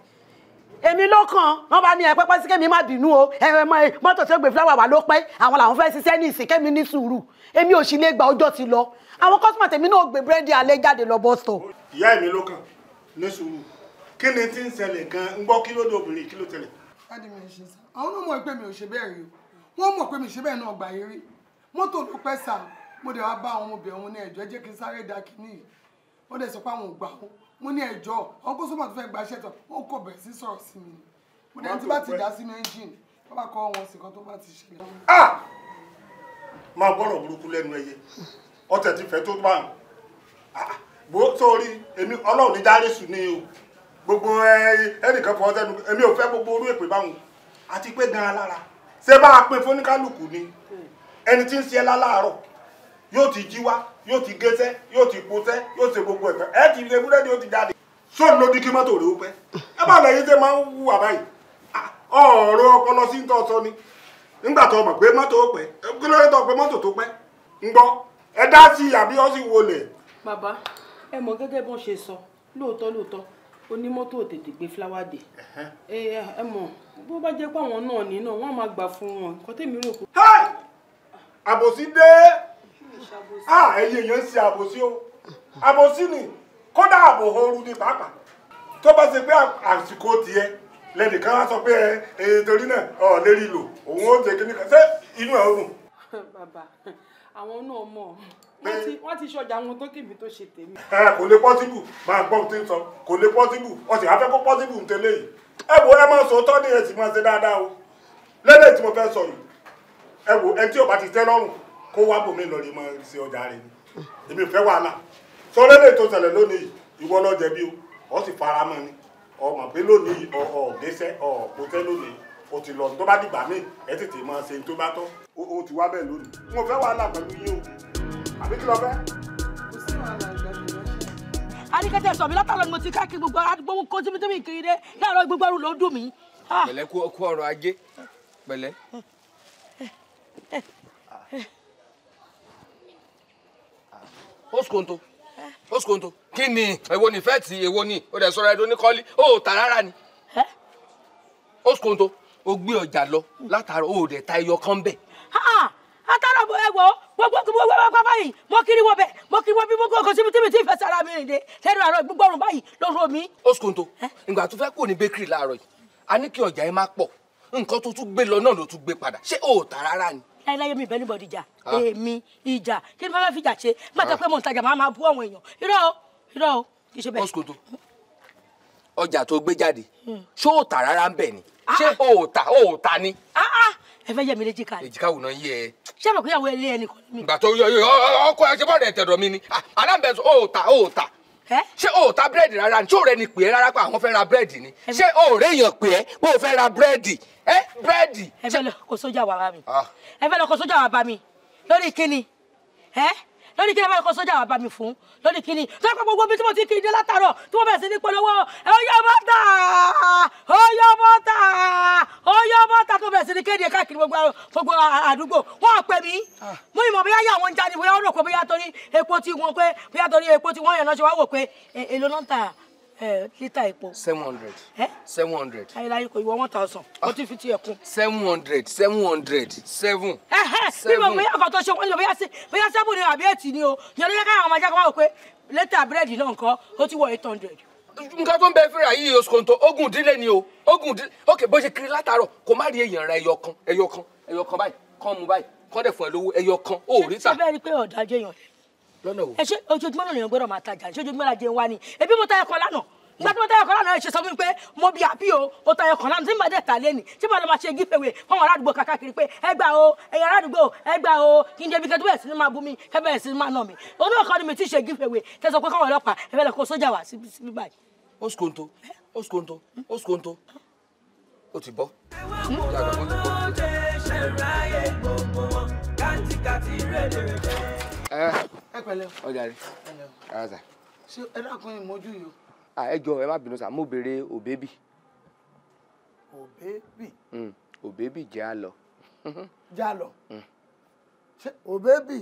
èmi ló kàn wọn bá ní ẹ pẹ́pẹ́ sí má bínú o ẹ̀rọ ẹ̀mọ mọ́tò tó gbé fúláwà wà ló pẹ́ àwọn làwọn fẹ́ ṣiṣẹ́ ní ìsìn kémi ní sùúrù èmi ò sì lè gba ọjọ́ ti lọ àwọn kọ́sùmọ̀ tèmi náà gbé búrẹ́dì alẹ́ jáde lọ bọ́ sọ. ìyá èmi ló kàn ní sùúrù kí ni tí ń ṣẹlẹ̀ gan-an ń gbọ́ kí ló dé obìnrin kí ló tẹ̀lẹ̀. àwọn náà mọ̀ pé mi ò ṣe bẹ́ẹ̀ rí wọ́n mọ̀ pé mi ṣe bẹ́ẹ̀ náà gbà yẹrí mọ́tò ló pẹ́ sáà mo dẹ̀ wá bá àwọn ọmọbìnrin wọn ní ẹ̀jọ́ jẹ́ kí n sáré da kínní wọ́n dẹ̀ sọ pé àwọn ò gbà ó mo ní ẹ̀jọ́ àwọn kó sọ́mà tó fẹ́ gba iṣẹ́ tán wọ́n kò bẹ̀rẹ̀ sí sọ̀rọ̀ sí mi mo dẹ̀ tí bá ti dá sínú ẹ́ńjìn wọ́n bá kọ́ wọn sí kan tó bá ti ṣẹlẹ̀. Ah! máa gbọ́dọ̀ burúkú lẹ́nu ẹyẹ ọ̀tẹ̀ ti fẹ́ tó bá ń ah! bó sórí èmi ọlọ́run ní dárí sùn ni o gbogbo ẹnìkan fọwọ́ sẹ́nu èmi ò fẹ́ gbogbo orú èpè báwọn àti pé gan-an lára ṣé bá a pè fóníkálùkù ni ẹni tí ń ṣe láláàárọ̀ yóò ti jí yóò ti gẹ́sẹ́ yóò ti yóò gbogbo ẹ ti ṣe yóò ti jáde ló di kí mọ́tò rẹ̀ ó pẹ́ ẹ bá lẹ́yìn tẹ́ máa ń wù wà báyìí ah, ọ̀rọ̀ ọpọlọ sí tọ́ sọ ni nígbà tó mọ̀ pé mọ́tò ó pẹ́ kí tó mọ́tò tó pẹ́ ń gbọ́ ẹ dá sí i àbí wọlé. bàbá ẹ mọ ṣe sọ lóòótọ́ lóòótọ́ onímọ́tò tètè gbé fúláwá dé ẹ mọ bó bá pé àwọn náà fún wọn rò àbòsí dé ah ẹyẹ èèyàn ń ṣe àbòsí o àbòsí ni kódà àbòhoru ni pàápàá tó bá ṣe pé àsìkò tiẹ̀ lẹ́nìkan á sọ pé ẹ torí náà ọ lérí lò òun ó jẹ kíní kan ṣé inú ẹ ó dùn. bàbá àwọn náà mọ̀ wọ́n ti ṣọjà àwọn tó kìbí tó ṣe tèmi. ẹ kò lè pọ́sibù máa gbọ́ ohun tí ń sọ kò lè pọ́sibù ọ̀sẹ̀ afẹ́ kó pọ́sibù ń tẹ́lẹ̀ yìí ẹ wo ẹ máa sọ tọ́ ní ẹ sì máa ṣe dáadáa o lẹ́lẹ̀ tí mo fẹ́ sọ yìí ẹ wo ẹ tí ò bá ti tẹ́ lọ́rùn kó wá bòmí lọ rí mọ ṣe ọjà rẹ èmi fẹ́ wàhálà sọlẹ lè tó ṣẹlẹ̀ lónìí ìwọ ló jẹ̀bi o ọ sì fara mọ́ ni ọmọ pé lónìí ọ ọ gbèsè ọ gbòtẹ lónìí o ti lọ tó bá dìgbà míì ẹ tètè mọ ṣe tó bá tọ́ o ti wá bẹ́ẹ̀ lónìí mo fẹ́ wàhálà pẹ̀lú yín o àbí kí lọ fẹ́. kò sí wàhálà ìgbàlódé alikẹtẹ sọ mi látàlọ ni mo ti káàkiri gbogbo ara gbogbo kó tí mi tí mi kiri dé láàárọ̀ gbogbo ẹrù ló dùn mí. Ah. pẹ̀lẹ́ kú ọ̀rọ̀ ajé pẹ̀lẹ́. Eh, eh, eh. Oskonto, Oskonto, kini skonto kí ni èwo ni fẹ́ẹ̀tì èwo ni ó dẹ̀ sọ̀rọ̀ ẹ̀dọ́ ní kọ́lí ó tà rárá ni ó skonto ó gbé ọjà lọ látara ó dẹ̀ ta ẹyọ kan bẹ̀. atara bo ẹwọ gbogbo gbogbo gbogbo pápá yìí mo kiri wọ bẹ mo kiri wọ bí mo kọ síbi tí mi ti fẹ sara mi rìn dé lẹnu àárọ̀ gbogbo ọrùn báyìí lóru mi. ó ìgbà tó fẹ́ kó ní bakery láàárọ̀ yìí a ní kí ọjà yẹn má pọ̀ nǹkan tó tún gbé lọ náà ló tún gbé padà ṣé ó tà rárá ni láyéláyé mi bẹ́ẹ̀ níbọ̀dì ìjà ah. èmi ìjà kí ni bàbá fi jà ṣe má tẹ ah. pé mò ń tajà máa máa bú àwọn èèyàn irọ́ o irọ́ o kì í ṣe bẹ́ẹ̀. mọ́sùkòtò ọjà tó gbé jáde hmm. ṣé ò rárá ń bẹ̀ ni ah, ṣé ò tà ni. ẹ fẹ́ yẹ mi léjìká ni. èjìká wùnà yé ẹ. ṣé àbàkúyàwó ẹ lé ẹnì kan. ìgbà tó yọ ọkọ ẹ ṣe bọ́ọ̀dù ẹ̀tẹ̀dọ̀ mi ni ṣé o ta búrẹ́dì rárá ni tí o rẹ ni pè é rárá pé àwọn fẹ́ ra búrẹ́dì ni ṣé o rẹ èèyàn pè é pé o fẹ́ ra búrẹ́dì ẹ búrẹ́dì. ẹ fẹ́ lọ kó sójà wà bá mi ah. ẹ fẹ́ lọ kó sójà wà bá mi lórí kíni ẹ lórí kí ẹ máa kọ sójà wà bá mi fún lórí kí ni sọ́kọ̀ gbogbo mi tí mo ti kí ìdí látàárọ̀ tí mo bẹ̀rẹ̀ sí ní polówó ọyọ bọ́tà ọyọ tó bẹ̀rẹ̀ sí ní kéde káàkiri gbogbo àdúgbò wọ́n pè mí ah. mú ìmọ̀ bóyá yà wọ́n ń jáde bóyá wọ́n rò pé bóyá torí epo tí wọ́n pé bóyá torí epo tí wọ́n yàn náà lítà epo. seven hundred. seven hundred. ayélujára kò ìwọ one thousand o ti fi tiẹ̀ kún. seven hundred seven hundred seven. bí mo bóyá ọkọ̀ tó ṣe wọ́n ní o bóyá sẹ́bù ni àbí ètì ni o yẹn yẹ káwọn ọmọ ajá kan wá wò pé lítà búrẹ́dì náà nǹkan ó ti wọ eight hundred nǹkan tó ń bẹ fẹ́ra yìí oṣù kan tó ogún ni o ogún ìdílé ok bó ṣe kiri látàárọ̀ kò má rí èèyàn ra ẹyọ kan ẹyọ kan ẹyọ kan báyìí kán báyìí kán fún ẹ lówó ẹyọ kan ó rí ta. ṣé bẹ́ẹ̀ ni pé ọ̀dájú èèyàn lọ́nà wo. ẹ ṣe ojoojúmọ́ náà lèèyàn gbọ́dọ̀ máa tajà ṣé ojoojúmọ́ la jẹun wa ni ebi mo ta ẹ̀kọ́ lánàá nígbà tí mo ta ẹ̀kọ́ lánàá ṣe sọ fún mi pé mo bi àbí o mo ta ẹ̀kọ́ lánàá tí mo bá dẹ̀ ta lé tí mo lọ máa ṣe gífẹ̀wé fún àwọn aládùúgbò kàkàkiri pé ẹ gbà o ẹ̀yin aládùúgbò ẹ gbà o kí n débi kẹ́tọ́ bẹ̀rẹ̀ sí ni máa bú mi kẹ́ bẹ̀rẹ̀ sí ni máa nà mí onú ọ̀kan ni mi ti Eh. ẹ pẹ̀lẹ́ ọjà rẹ ara sà. ṣé ẹ dákun ìmọ̀jú yìí o. ẹ jọ ẹ má bínú sà mo béèrè òbébì. òbébì. Hmm, òbébì jẹ́ àlọ́. jẹ́ àlọ́ hmm. ṣé òbébì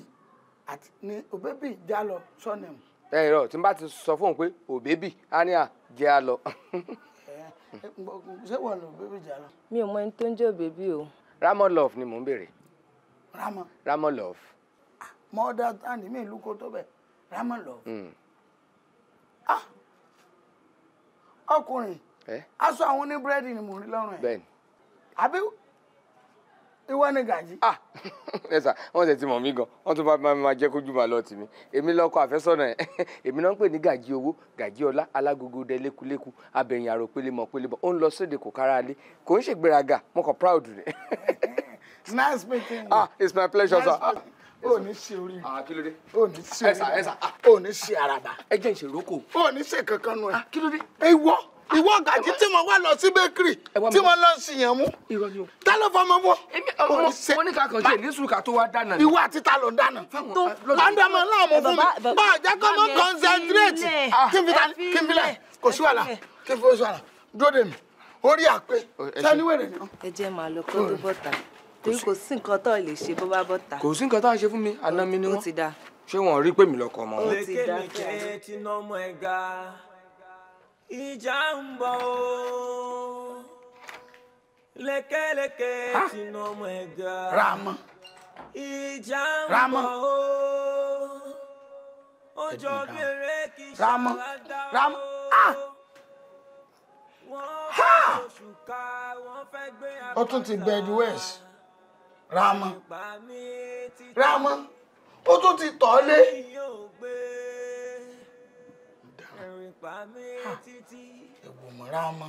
àti ni òbébì jẹ́ àlọ́ sọ́nẹ̀mù. ẹ ìrọ̀ tí n bá ti sọ fóun pé òbébì á ní à jẹ́ àlọ́. Eh, ṣé wọ́n lò òbébì jẹ́ àlọ́. mi ò mọ ẹni tó ń jẹ́ òbébì o. ramolove ni mò ń béèrè. ramọ. ramolove. more that and me look out over love. Hmm. Ah! àwọn ni mò ń rí lọ́rùn àbí ah wọn tẹ ti mí gan wọn tún bá máa máa jẹ kójú máa lọ tìmí èmi lọkọ àfẹ́sọ́nà èmi náà ń pè ní gàjí owó gàjí ọlá alágogo dẹ lékuléku abẹ̀yìn àrò pélémọ pélémọ ó ń lọ sóde kò kò ń mo proud ò ní ṣe orí ah, kílódé ò ní ṣe ẹsà ẹsà ò ní ṣe àràbà ẹ jẹ́ ìṣèrókò ò ní ṣe kankan nù ẹ ah, kílódé ìwọ ìwọ gàjí tí mo wá lọ sí bakery tí mo lọ ṣìyàn mú ta ló fọmọ wọ. mo ní ká kàn ṣe ní sùkà tó wá dáná. ìwọ àti ta ló ń dáná. lọ́dọ̀mọ náà mo fún mi bá a jẹ́ kó mo concentrate ah, kí n fi ta kí n fi lẹ̀ kò sí wàhálà kí n fi oṣù wàhálà dúró dè mí orí àpè tẹ́lifíwèrè ni. ẹ jẹ́ màá lọ kó tó bọ̀tà torí kò sí nǹkan tó lè ṣe bó bá bọ́ ta. kò sí nǹkan tó ṣe fún mi àná mi ni wọ́n ṣé wọ́n rí pé mi lọ́kọ̀ ọmọ wọn. lékèlékè tí ná ọmọ ẹ ga ìjà ń bọ̀ o lékèlékè tí ná ọmọ ẹ ga ìjà ń bọ̀ o ọjọ́ bèrè kì í ṣàlàdà o ó tún ti bed ramọ ramọ ó tún ti tọ̀ ọ́ lé. ẹ̀wọ̀n mọ́ ramọ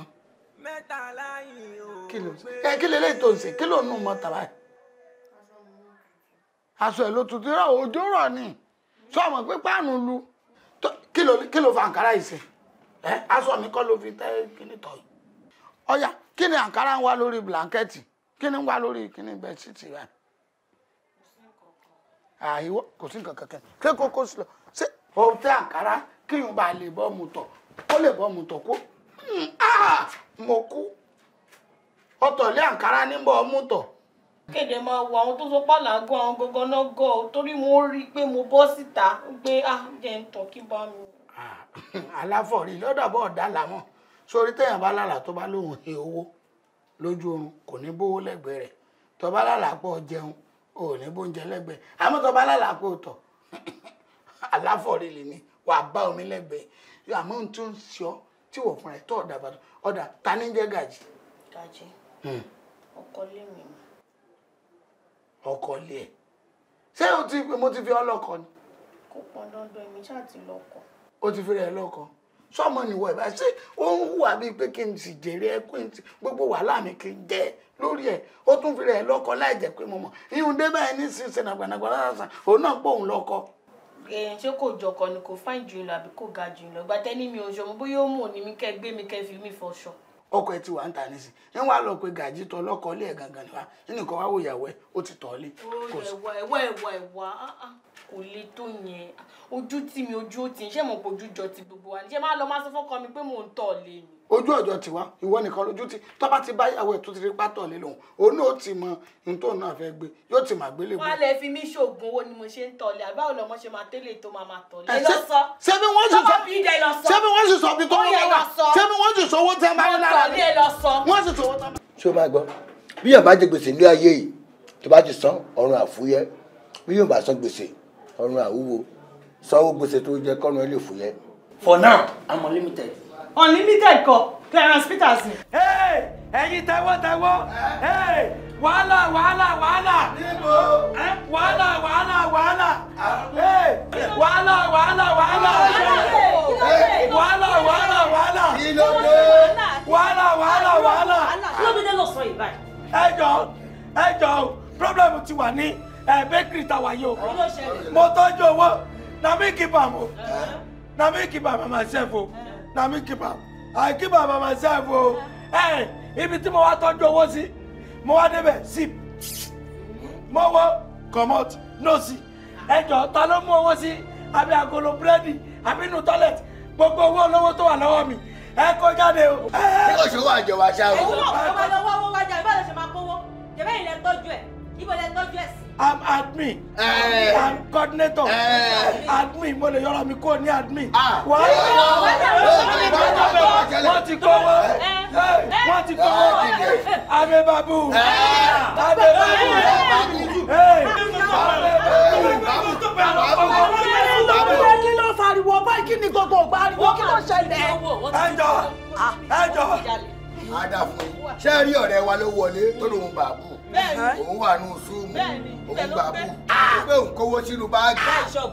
kí lè lè tó ń ṣe kí ló nù mọ́ tàbá yìí. aṣọ ẹ̀ ló tún ti rọ òjò rọ̀ ni sọ ọmọ pé páànù lu kí ló fa àǹkárá yìí ṣe aṣọ mi kọ́ ló fi tẹ́ kíní tọ̀ yìí. ọ̀yà kí ni àǹkárá ń wá lórí bìlánkẹ́ẹ̀tì kí ni ń wá lórí kíní bẹ́ẹ̀ sì ti rà àìwọ ah, kò sí nǹkan kankan ṣé kókó sílọ ṣé òtẹ àǹkárá kíyùn bá lè bọ́ mu tọ̀ kó lè bọ́ mu tọ̀ kó hmm, ah, mo kú ọtọ̀ ilé àǹkárá ní bọ́ mu tọ̀. kéde máa wo àwọn tó so pàlà gan àwọn gangan náà gọ torí mo rí i pé mo bọ́ síta pé ah, jẹ́ ń tàn kí bá mi. aláfọ̀rí lọ́dọ̀ bọ́ọ̀ dá làmọ́ sórí téèyàn bá lálàá tó bá lóun he owó lójú oorun kò ní bówó lẹ́gbẹ̀ẹ́ rẹ̀ tọba lálàpọ̀ jẹun ò ní bóúnjẹ lẹ́gbẹ̀ẹ́ àmọ́ tọba lálàpọ̀ tọ̀ aláfọ̀rẹ́lẹ̀ ni wà á bá omi lẹ́gbẹ̀ẹ́ àmọ́ n tún ṣe ọ́ tí wò fúnra ẹ̀ tọ́ ọ̀dà bàtọ̀ ọ̀dà ta ní jẹ́ gàjì. gàjì hmm. ọkọ lé mi. ọkọ lé ẹ ṣé o ti mo ti fi ọ lọkọ ni. kò pọn dandan èmi ṣáà ti lọkọ. o ti fi rẹ lọkọ. sọmọ nìwọ ẹ ṣe ṣé ó ń hùwà bíi pé kí n sì jèrè ẹkún ti gbogbo wàhálà mi kì í jẹ lórí ẹ ó tún fi rẹ lọ́kọ láì jẹ pé mo mọ ihun dé báyìí ní sísè nàgbànàgbà lásán òun náà pòun kò jọkọ ni kò fáìn jù lọ àbí kò ga jù lọ gbàtẹ ní mi ò bóyá ó mú òní mi kẹ gbé ọkọ ẹ ti wà ń ta nísìn ń wá lọ pé tọ ọlọkọ ilé ẹ gangan kò le tó yẹn ojú tì mí ojú ó ti ṣé mo pojú jọ ti gbogbo wa ṣé máa lọ máa sọ fọ́kọ mi pé mò ń tọ̀ lé mi. ojú ọjọ́ ti wá ìwọ nìkan lójú tí tó bá ti bá ìyàwó ẹ̀ tó ti rí pátọ̀ lé lòun òun náà ti mọ ohun tó náà fẹ́ gbé yóò ti máa gbélé. wọn lè fi mí ṣoògùn owó ni mo ṣe ń tọ̀lé àbáwò lọ́mọ ṣe máa tẹ́lẹ̀ tó máa máa tọ̀lé. ṣé bí wọ́n sì sọ ṣé bí wọ́n sì sọ bí tó wọ́n wà ṣé bí wọ́n sì sọ owó tẹ́ máa ń lára rẹ̀ wọ́n sì sọ owó tẹ́ máa. ṣé o máa gbọ́ bí yóò bá jẹ gbèsè ní ayé yìí tó bá ti san ọrùn àfúyẹ́ bí yóò bá san gbèsè ọrùn àwúwo sanwó gbèsè tó jẹ kọ́run ẹ lè fúyẹ́. for now i'm unlimited. unlimited kọ Clarence Peters. ẹ̀yin tẹwọ tẹwọ wàhálà wàhálà wàhálà wàhálà wàhálà wàhálà wàhálà wàhálà wàhálà wàhálà wàhálà wàhálà wàhálà wàhálà wàhálà. lóbi dé lọ sọ ìbáyìí. ẹ jọ ẹ jọ problem ti wà ní ẹ bakery ta wáyé o mo tọ́jú owó na mi keep am o na mi keep am myself o na mi keep am i keep am myself o ẹ ibi tí mo wá tọ́jú owó sí mo wá débẹ̀ sip mo wọ comot no sí ẹ jọ ta ló mú owó sí àbí agolo búrẹ́dì àbí inú toilet gbogbo owó olówó tó wà lọ́wọ́ mi ẹ kó jáde o. ẹ kò ṣòwò àjọwà ṣáà o. ẹ̀sùn náà ọmọ lọ́wọ́ wọ́n wájà ìbáraẹ̀ṣẹ̀ máa kówó jẹ̀bẹ́ ìlẹ̀ tọ́jú ẹ̀ ibo lẹ tọ́jú ẹ̀ sí. I'm admin. Hey. Eh. I'm coordinator. Hey. Eh. Admin mo lè yọra mi kó ní admin. Ah. Wọ́n ti kọ́ wọ́n. Wọ́n ti kọ́ wọ́n. Abe babu. Abe babu. Kí babu. fariwo báyìí? Kí ni gbogbo ògbà Ẹ jọ. Ẹ jọ á dà fún yín ṣé rí ọ̀rẹ́ wa ló wọlé tó lóun bàbù òun wà nù súùmù òun bàbù ó pé òun kówó sínú báàgì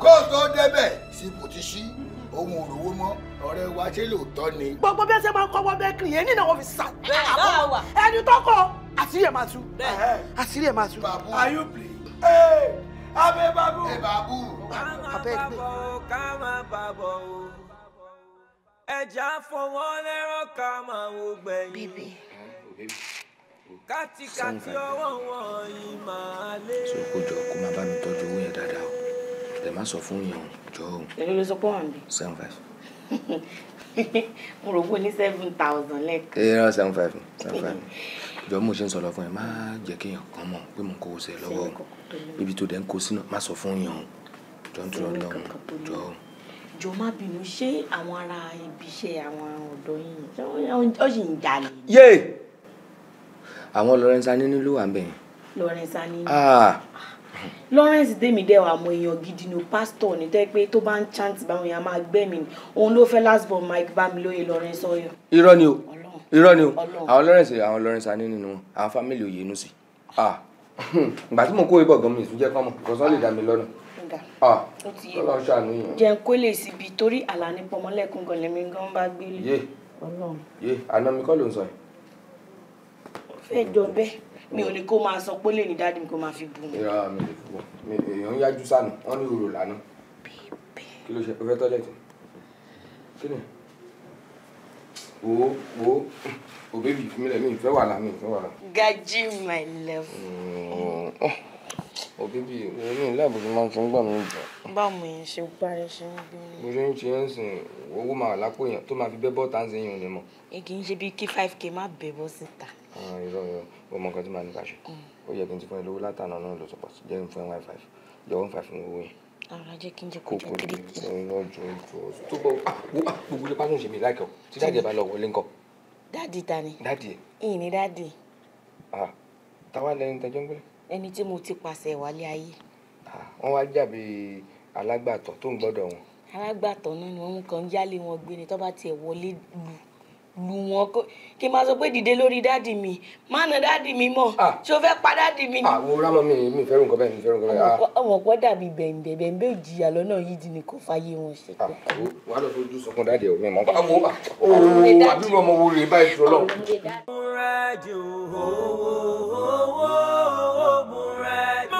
kó tó débẹ̀ sípò ti ṣí òun ò rówó mọ́ ọ̀rẹ́ wa ṣé lóòótọ́ ni. gbogbo bí ẹ ṣe máa ń kọ́wọ́ bẹ́ẹ̀ kìrìyẹ́ nínú àwọn fi sàn. ẹni tó kọ àṣírí ẹ̀ máa tú àṣírí ẹ̀ máa tú. bàbú ayú bìrì abẹ bàbú abẹ gbé. ká má bàbọ̀ ká má bàbọ̀ o ẹja fọwọ́ lẹ́rọ̀ ká máa wo gbẹ̀yìn kátikati ọwọ́ wọn yìí máa lé. sọ kó jọ kó máa bá mi tọ́jú owó yẹn dáadáa o tẹ̀ má sọ fún yẹn o jọ o. èlò ló sọ pé wà mí. seven five. mo rò wó ní seven thousand lẹ́ẹ̀kan. ẹ eh, ẹ seven five seven five jọ mo ṣe ń sọlọ fún yẹn má jẹ́ kéèyàn kan mọ̀ pé mo ń kó sẹ lọ́wọ́ ibi tó dẹ̀ ń kó sínú má sọ fún yẹn o jọ ń turọ lọ́wọ́ jọ o jọ má bínú ṣé àwọn ará ibi iṣẹ́ àwọn ọ̀dọ́ yìí ṣé ó sì ń jalè. yé àwọn Lawrence Anini ló wà ń bẹ̀ yẹn. Lawrence Anini. Ah! Lawrence Demide wa àwọn èèyàn gidi ni pásítọ̀ ní tẹ́ pé tó bá ń chant báwọn èèyàn máa gbẹ́mìí òun ló fẹ́ last born Mike Bamiloye Lawrence Oyor. irọ́ ni o irọ́ ni o àwọn Lawrence àwọn Lawrence Anini ni wọn àwọn family Oyènúsì. Ah! ìgbà tí mo kó ibọ̀ gan mi ìtújẹ́ kọ́mọ̀ kò sọ́ lè dá mi lọ́nà àga. Ah, ó ti yé mi jẹ́ n kó lè síbi torí àlá ní pọmọlẹ́kùn gan lèmi gan bá gbélé. yé yé àná mi kọ́ ló ń sọ yìí. ó fẹ́ jọ bẹ́ẹ̀ mi ò ní kó máa sọ pé lè ní dáàdi mi kó máa fi bù mí. èèyàn ń yájú sànù wọn ní òrò lànà kí ló ṣe o fẹ́ tọ́lẹ̀tì kí ni wo wo o bébì fún mi lẹ́mí ìfẹ́ wà lámì ìfẹ́ wà lámì. gají my love. Mm-hmm òbí bíi orí ilé àbòsí máa ń ṣe ń gbà mí jù. báwo mo yẹn ṣe bá ẹ ṣe ń gbé mi. mo ṣe ń ṣe ń sìn owó máa lápò yẹn tó máa fi bẹ́ bọ́ta ń sẹ́yìn ni mọ̀. èkì ń ṣe bíi kí five k má bẹ̀ bọ́ síta. Ah, irọ́ irọ́ ọmọ nǹkan tí màá ní ká ṣe mm. ó yẹ kí n ti fún ẹ lówó látàná náà lọ sọ pàṣẹ jẹ́ n fún ẹ one five jọ one five ní owó yẹn. ara jẹ́ kí n jẹ́ kójú kiri. kókó lójú tó ẹni tí mo ti pàṣẹ wálé ayé. Ah, wọ́n wá jàbí alágbàtọ́ tó ń gbọ́dọ̀ wọn. alágbàtọ́ náà ni wọ́n mú kan yálé wọn gbé ni tó bá tiẹ̀ wọlé lu lu wọn kí n máa sọ pé dìde lórí dáàdì mi má na dáàdì mi mọ̀ ah. ṣé o fẹ́ pa dáàdì mi ni. àwọn ah, rámọ mi mi fẹ́ràn nǹkan bẹ́ẹ̀ mi fẹ́ràn nǹkan bẹ́ẹ̀. ọmọ ọ̀pọ̀ dàbí bẹ̀ǹbẹ̀ bẹ̀ǹbẹ̀ òjìyà lọ́nà yìí di ni kò fàyè wọn ṣe. wàá lọ fojú sọkún dáàdì ẹ̀ mi mọ̀ ọ́ oh, àbí ọmọ wo rè báyìí tó lọ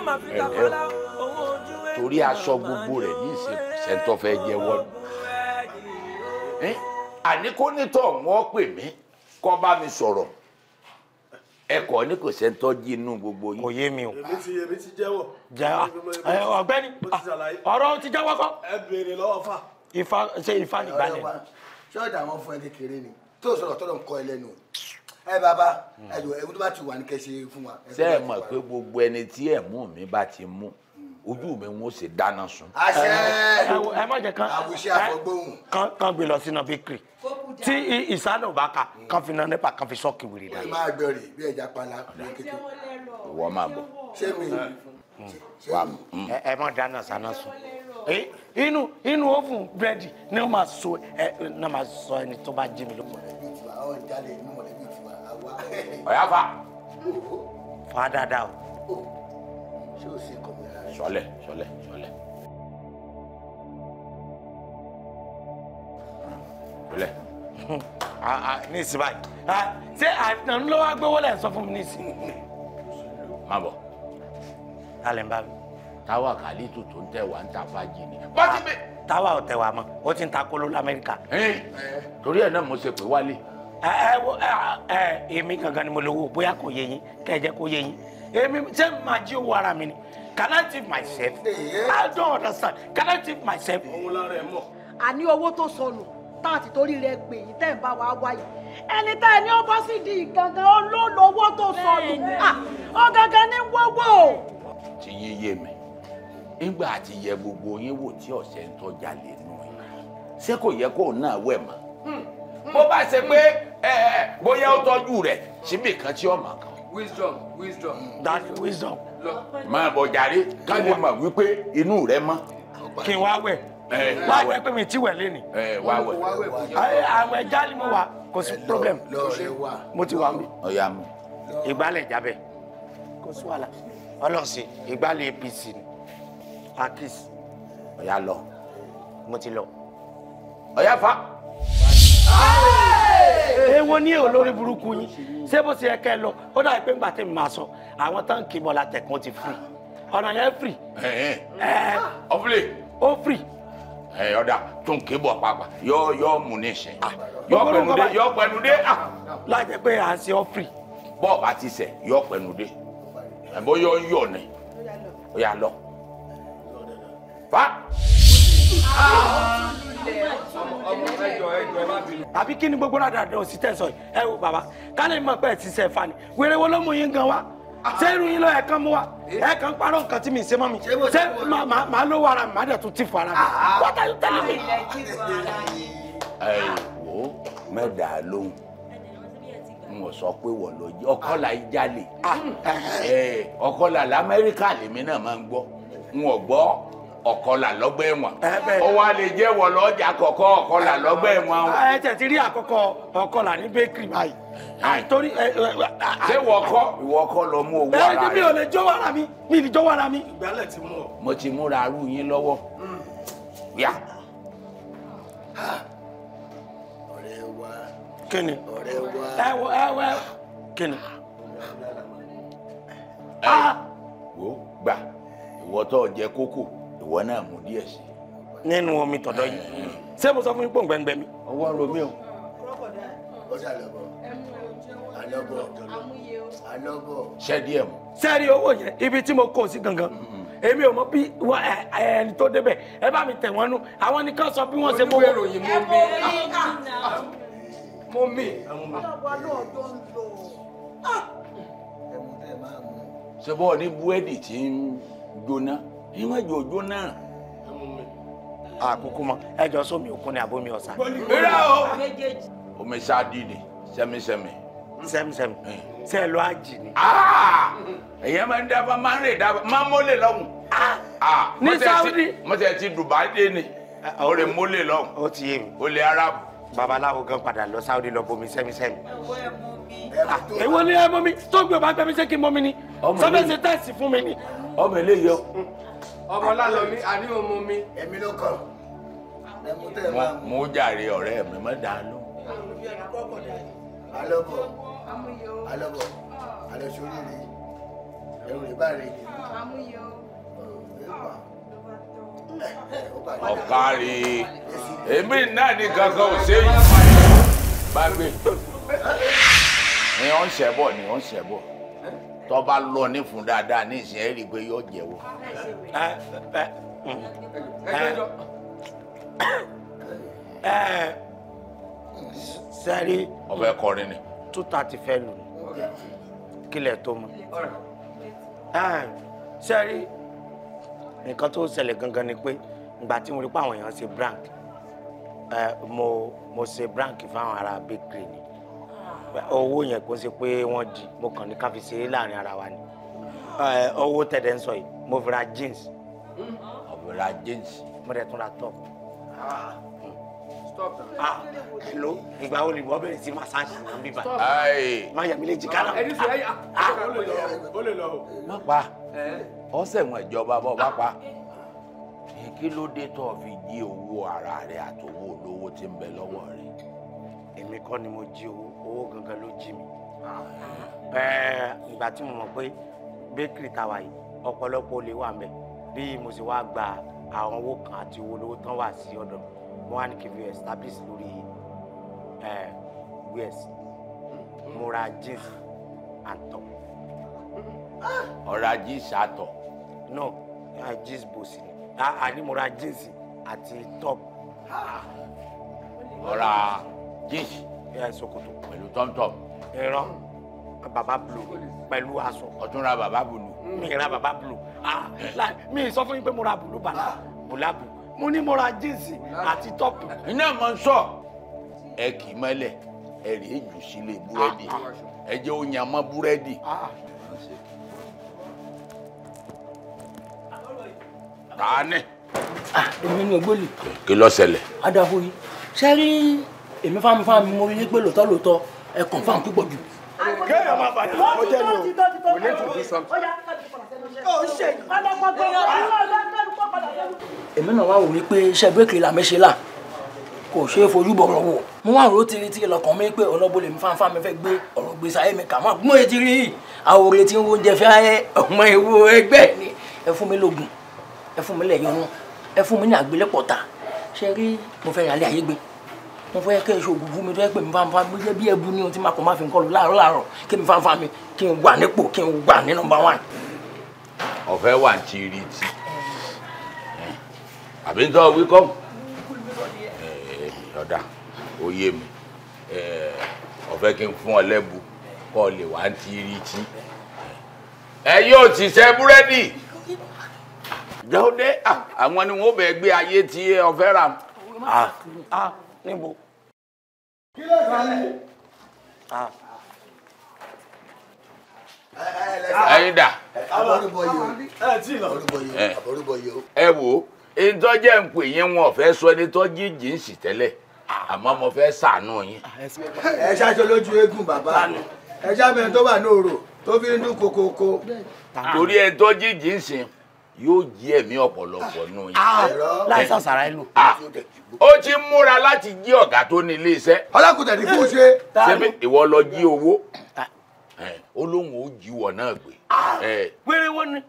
ẹ̀rọ torí aṣọ gbogbo rẹ̀ ní ìṣẹ̀ntọ́fẹ́ jẹ́ wọ́n. àní kó nítọ̀ wọ́n pè mí kó bá mi sọ̀rọ̀ ẹ̀kọ́ ní kò sẹ́ńtọ́ jí inú gbogbo yìí. kò yé mi o. èmi ti èmi ti jẹ́wọ́. jẹ́wọ́ ah, ọ̀gbẹ́ni ah, ọ̀rọ̀ ti jẹ́wọ́ kọ́. ẹ béèrè lọ́wọ́ fà. ifá ṣe ifá nìgbàlẹ̀. ṣọ́ọ̀dà àwọn fún ẹni kéré ni tó sọ̀rọ̀ tọ́lọ̀ ń kọ́ ẹ lẹ́nu ẹ bàbá ẹ jọ ewu tó bá ti wà ní kẹsẹ fún wa. ṣé ẹ mọ̀ pé gbogbo ẹni tí ẹ̀ mú mi bá ti mú ojú mi ń ṣe dáná sun. àṣẹ ẹ má jẹ kán àwùṣe àfọgbóhùn. kán kán gbé lọ sínú bakery tí ìsàlẹ̀ ò bá ka kán fi náà nípa kán fi sọ́ọ̀kì wèrè dáná. ìmọ̀ àgbẹ̀ rè bí ẹja pala kékeré. ìwọ máa bọ̀. ṣé mi wà á. ẹ má dáná sáná sun inú inú oven búrẹ́dì ni wọ́n máa sọ ẹni tó bá jí mi lóko. ọ̀hún jalè ní mọ̀lẹ́bí ọ̀yá fa. fa dáadáa o. ṣé o sì kọ̀ mí lára. sọlẹ̀ sọlẹ̀ sọlẹ̀. lẹ. ní ìsìn báyìí ṣé àìsàn ló wá gbówó lẹ̀ ń sọ fún mi ní ìsìn. má bọ̀. ta lè ń bá mi. táwa kàlítù tó ń tẹ wá ń ta fájì ni. bá ti bẹ. táwa ò tẹ wá mọ́ ó ti ń ta kóló lamẹ́ríkà. torí ẹ̀ náà mo ṣe pé wálé. èmi gangan ni mo lówó bóyá kò yé yín kẹjẹ kò yé yín èmi ṣé jí owó ara mi ni can I tip myself eh. I don't understand can I tip myself. tó sọnù tá a torí rẹ tẹ́ wáyé ẹni tá ẹni di gangan tó sọnù ah, gangan ní wọ́wọ́. ti mi nígbà àti yẹ gbogbo yín wò tí ọ̀sẹ̀ ń tọ́jà lè nù ẹ̀ ṣé kò yẹ kó náà wẹ̀ hmm. bó bá ṣe pé bóyá ó tọ́jú rẹ̀ síbi kan tí ọmọ kan. wisdom wisdom. that wisdom. máa bọ̀ jàre ká lè mọ̀ wípé inú rẹ mọ́. kí n wá wẹ̀ wá wẹ̀ pé mi ti wẹ̀ lé ni. wá wẹ̀. àwọn ẹja ni mo wà kò sí problem mo ti wà mí. ọ̀ya mi. ìgbálẹ̀ jábẹ̀ kò sí wàhálà ọlọ́sìn ìgbálẹ̀ apc ni akis. ọ̀ya lọ. mo ti lọ. ọ̀ya fa èwo ní olórí burúkú yín ṣé bó ṣe yẹ kẹ lọ ó dàbí pé ńgbà tí mi máa sọ àwọn tán kì í bọ̀ látẹ̀kùn ti firi ọ̀nà yẹn firi. ọ̀fìlẹ̀. ó firi. ọ̀dà tó ń kébọ̀ pàpà yọ yọ mú ní ìsìn ah, yọ pẹ̀lú dé yọ pẹ̀lú dé. láti pé à ń ṣe ọ́ firi. bọ́ọ̀ bá ti yọ pẹ̀lú dé ẹ̀bọ́ yọ yọ̀ ni ó yà lọ. fa. àbí kí ni gbogbo rádà dùn sí tẹ̀sán ẹ wo bàbá ká lè mọ̀ pé ẹ̀ ti sẹ̀ fani wèrè wo ló mú yín gan wa ṣé irun yín lọ wa parọ́ nǹkan mi ṣe mọ́ mi ṣé màá ló màá dẹ̀ tún ti fọ ara mi ah, ah. me. ẹ wo lóhùn sọ pé wọ́n ló jẹ́ ọkọ́là ìjálè lèmi náà máa ń gbọ́ Ọkọla lọ́gbẹ́ ẹ̀wọ̀n ó wá lè jẹ́ wọ lọ́jà kọ̀kọ́ ọ̀kọlà ẹ tẹ̀ ti rí àkọ́kọ́ ní bẹ́kìrì báyìí àìtórí ẹ ẹ. ṣé lọ mú owó ara rẹ. ẹ mi ò mi mi mi. ti mú ọ. mo ti múra arú yín lọ́wọ́ hmm. yá. ọ̀rẹ́ wa. kí ni. ọ̀rẹ́ wa. ẹ wọ ẹ wọ. kí ni. ẹ wo ah. gbà ìwọ tó jẹ kókò. ìwọ náà mú díẹ̀ sí. nínú omi tọ̀dọ̀ yìí ṣé mo sọ fún yín pò ń mi. ọwọ́ romi o. ó ṣàlọ́bọ̀ alọ́bọ̀ alọ́bọ̀. ṣé díẹ̀ mọ́. sẹ́ẹ̀rì owó yẹn ibi tí mo kó sí gangan mm-hmm. èmi ò mọ bí ẹni tó débẹ̀ ẹ bá mi tẹ̀ wọ́n nú àwọn nìkan sọ bí wọ́n ṣe mọ́. olùwẹ̀rọ yìí mi mọ́ mi. ọlọ́wọ́ bọ́ọ̀ ní búrẹ́dì tí ń gbóná ẹ má jẹ òjò náà. àkókò mọ ẹ jọ sómi òkun ni àbomi ọ̀sà. rírà o omi ṣáàdì ni sẹ́mísẹ́mí. sẹ́mísẹ́mí sẹ́ ẹ lọ àjì ni. ẹ̀yẹ́ máa ń dábàá máa ń rè dábàá máa ń mọ́lẹ̀ lọ́hùn. ní Saudi. mo tẹ̀ ti Dubai dé ni o lè mọ́lẹ̀ lọ́hùn. o ti yé mi. o lè Arabu. babaláwo gan padà lọ Saudi lọ bomi sẹ́mísẹ́mí èwo ni ẹ mọ mi tó gbé ọba gbẹmí ṣé kí n mọ mi ni sọfẹsẹ tẹsí fún mi ni. ọmọ eléyìí ọ ọmọ lálọ́mí àní ọmọ mi. èmi ló kàn ẹ mú tẹ́ ẹ máa mú. mo jàre ọ̀rẹ́ mi mọ́ dáa ló. alọ́bọ̀ alọ́bọ̀ alọ́sọ̀rọ̀ rẹ̀ ẹ̀rù rẹ̀ bá rẹ̀ ọ̀kárí èmi náà ní kankan ò ṣe é yí. bá a gbé. ni wọ́n ń ṣẹ́ bọ̀ ni wọ́n ń ṣẹ́ bọ̀ tó bá lọ ní fún dáadáa ní ìsìn ẹ̀ rí i pé yóò jẹ́wọ́. sẹ́rí ọ̀fẹ́ kọrin ni. two thirty fẹ́ lù kílẹ̀ tó mọ́ sẹ́rí nǹkan tó ṣẹlẹ̀ gangan ni pé ìgbà tí mo rí pé àwọn èèyàn ṣe brank mo mo ṣe brank fáwọn ará bakery ni owó yẹn kò ṣe pé wọ́n di mo kàn ní ká fi ṣeré láàrin ara wa ni owó tẹ̀dẹ̀ ń sọ yìí mo fi ra jeans. mo ra jeans. mo rẹ̀ tún ra top. Ah. Hmm. ah hello ìgbà wo ni wọ́n bẹ̀rẹ̀ sí massage náà bíbá. má yà mí lè jì kára. ẹni sọ yà ah. ó lè lọ o. má pa ọ̀sẹ̀ wọn ìjọba bọ́ bá pa ah. kí ló dé tó fi jí owó ara rẹ àtòwó olówó tí ń bẹ lọ́wọ́ rẹ. èmi kọ́ ni mo jí owó owó gangan ló jí mi ah. ìgbà tí mo mọ̀ pé bakery tàwa yìí ọ̀pọ̀lọpọ̀ olè wà mẹ́ bí mo sì wá gba àwọn owó kan àti owó lówó tán wà sí ọ̀dọ̀ mi mo wá ní kí n fi establish lórí wears mo ra jeans and top. ọ̀ra jeans àtọ̀. no jeans bòsì ni àní mo ra jeans àti top. ọ̀ra jeans ṣòkòtò. pẹ̀lú tọ́mtọ́m. ìran bàbá blu pẹ̀lú aṣọ. ọ̀tún ra bàbá blu. mi ra bàbá blu ah, mi sọ fún yín pé mo ra bùlù bàlá bùlàbù mo ní mo ra jíǹsì àti tọ́pù. iná mọ̀ ń sọ ẹ kì í mọ́lẹ̀ ẹ rí èjù sílé búrẹ́dì ah, ah. ẹ jẹ́ ó yan mọ́ búrẹ́dì. tani. èmi ni ògbólì. kí ló ṣẹlẹ̀. adáhùn yìí èmi fáwọn fáwọn mo yí pé lóòótọ́ lóòótọ́ ẹ kàn fáwọn púpọ̀ jù. kéèyàn máa bàjẹ́ kó jẹ́ ní o we need to do something. èmi náà wá wò wí pé iṣẹ́ bíréèkì la mẹ́ṣe là kò ṣe é fojú bọ̀rọ̀ wò mo wá rò tiritiri lọ́kàn mi pé ọ̀nà bolè mi fáńfáń mi fẹ́ gbé ọ̀rọ̀ gbé sáyé mi kà mọ́ àgbọ̀n etí rí àwòrán tí ń wo oúnjẹ fẹ́ ọmọ ìwo ẹgbẹ́ ni ẹ fún mi lóògùn ẹ fún mi lẹ̀yọ́nú ẹ fún mi ní àgbélépọ̀ta ṣe rí mo fẹ́ rìn alẹ́ ayé gbé mo fẹ́ kẹ́ ṣe ògùn fún mi tó yẹ pé mi fanfa mi jẹ́ bí ẹbu ní ohun tí ma kàn máa fi nǹkan lò láàárọ̀ láàárọ̀ kí mi fanfa mi kí n wà nípò kí n wà ní nọmba wán. ọ̀fẹ́ wà ń ti rí ti àbí ń tọ́ wí kọ́ ọ̀dà òye mi ọ̀fẹ́ kí n fún ọ lẹ́bu kọ́ lè wà ń ti rí ti ẹ yóò ti ṣe búrẹ́dì jọ́dẹ́ àwọn ni wọ́n bẹ̀ gbé ayé tí ọ̀fẹ́ rà. níbo. kí ló ṣẹlẹ̀. ẹyin dà. ẹ wo ìtọ́jẹ́ ń pè yín wọn ò àmọ́ mo fẹ́ ṣàánú yín. ẹ ṣáṣọ lójú eégún bàbá ẹ ṣáṣọ ẹni tó wà ní òrò to fi ndu kokoko. torí ẹni tó yóò jí ẹ̀mí ọ̀pọ̀lọpọ̀ nù yín. Ah, láìsàn sàrà ẹ lò. Ah, ó ti múra láti jí ọ̀gá tó ní ilé iṣẹ́. ọlákùtẹ̀ ní kó ṣe. ṣebí ìwọ lọ jí owó eh, ó lóun ó jíwọ náà gbé. Ah, eh, wéré wo ni.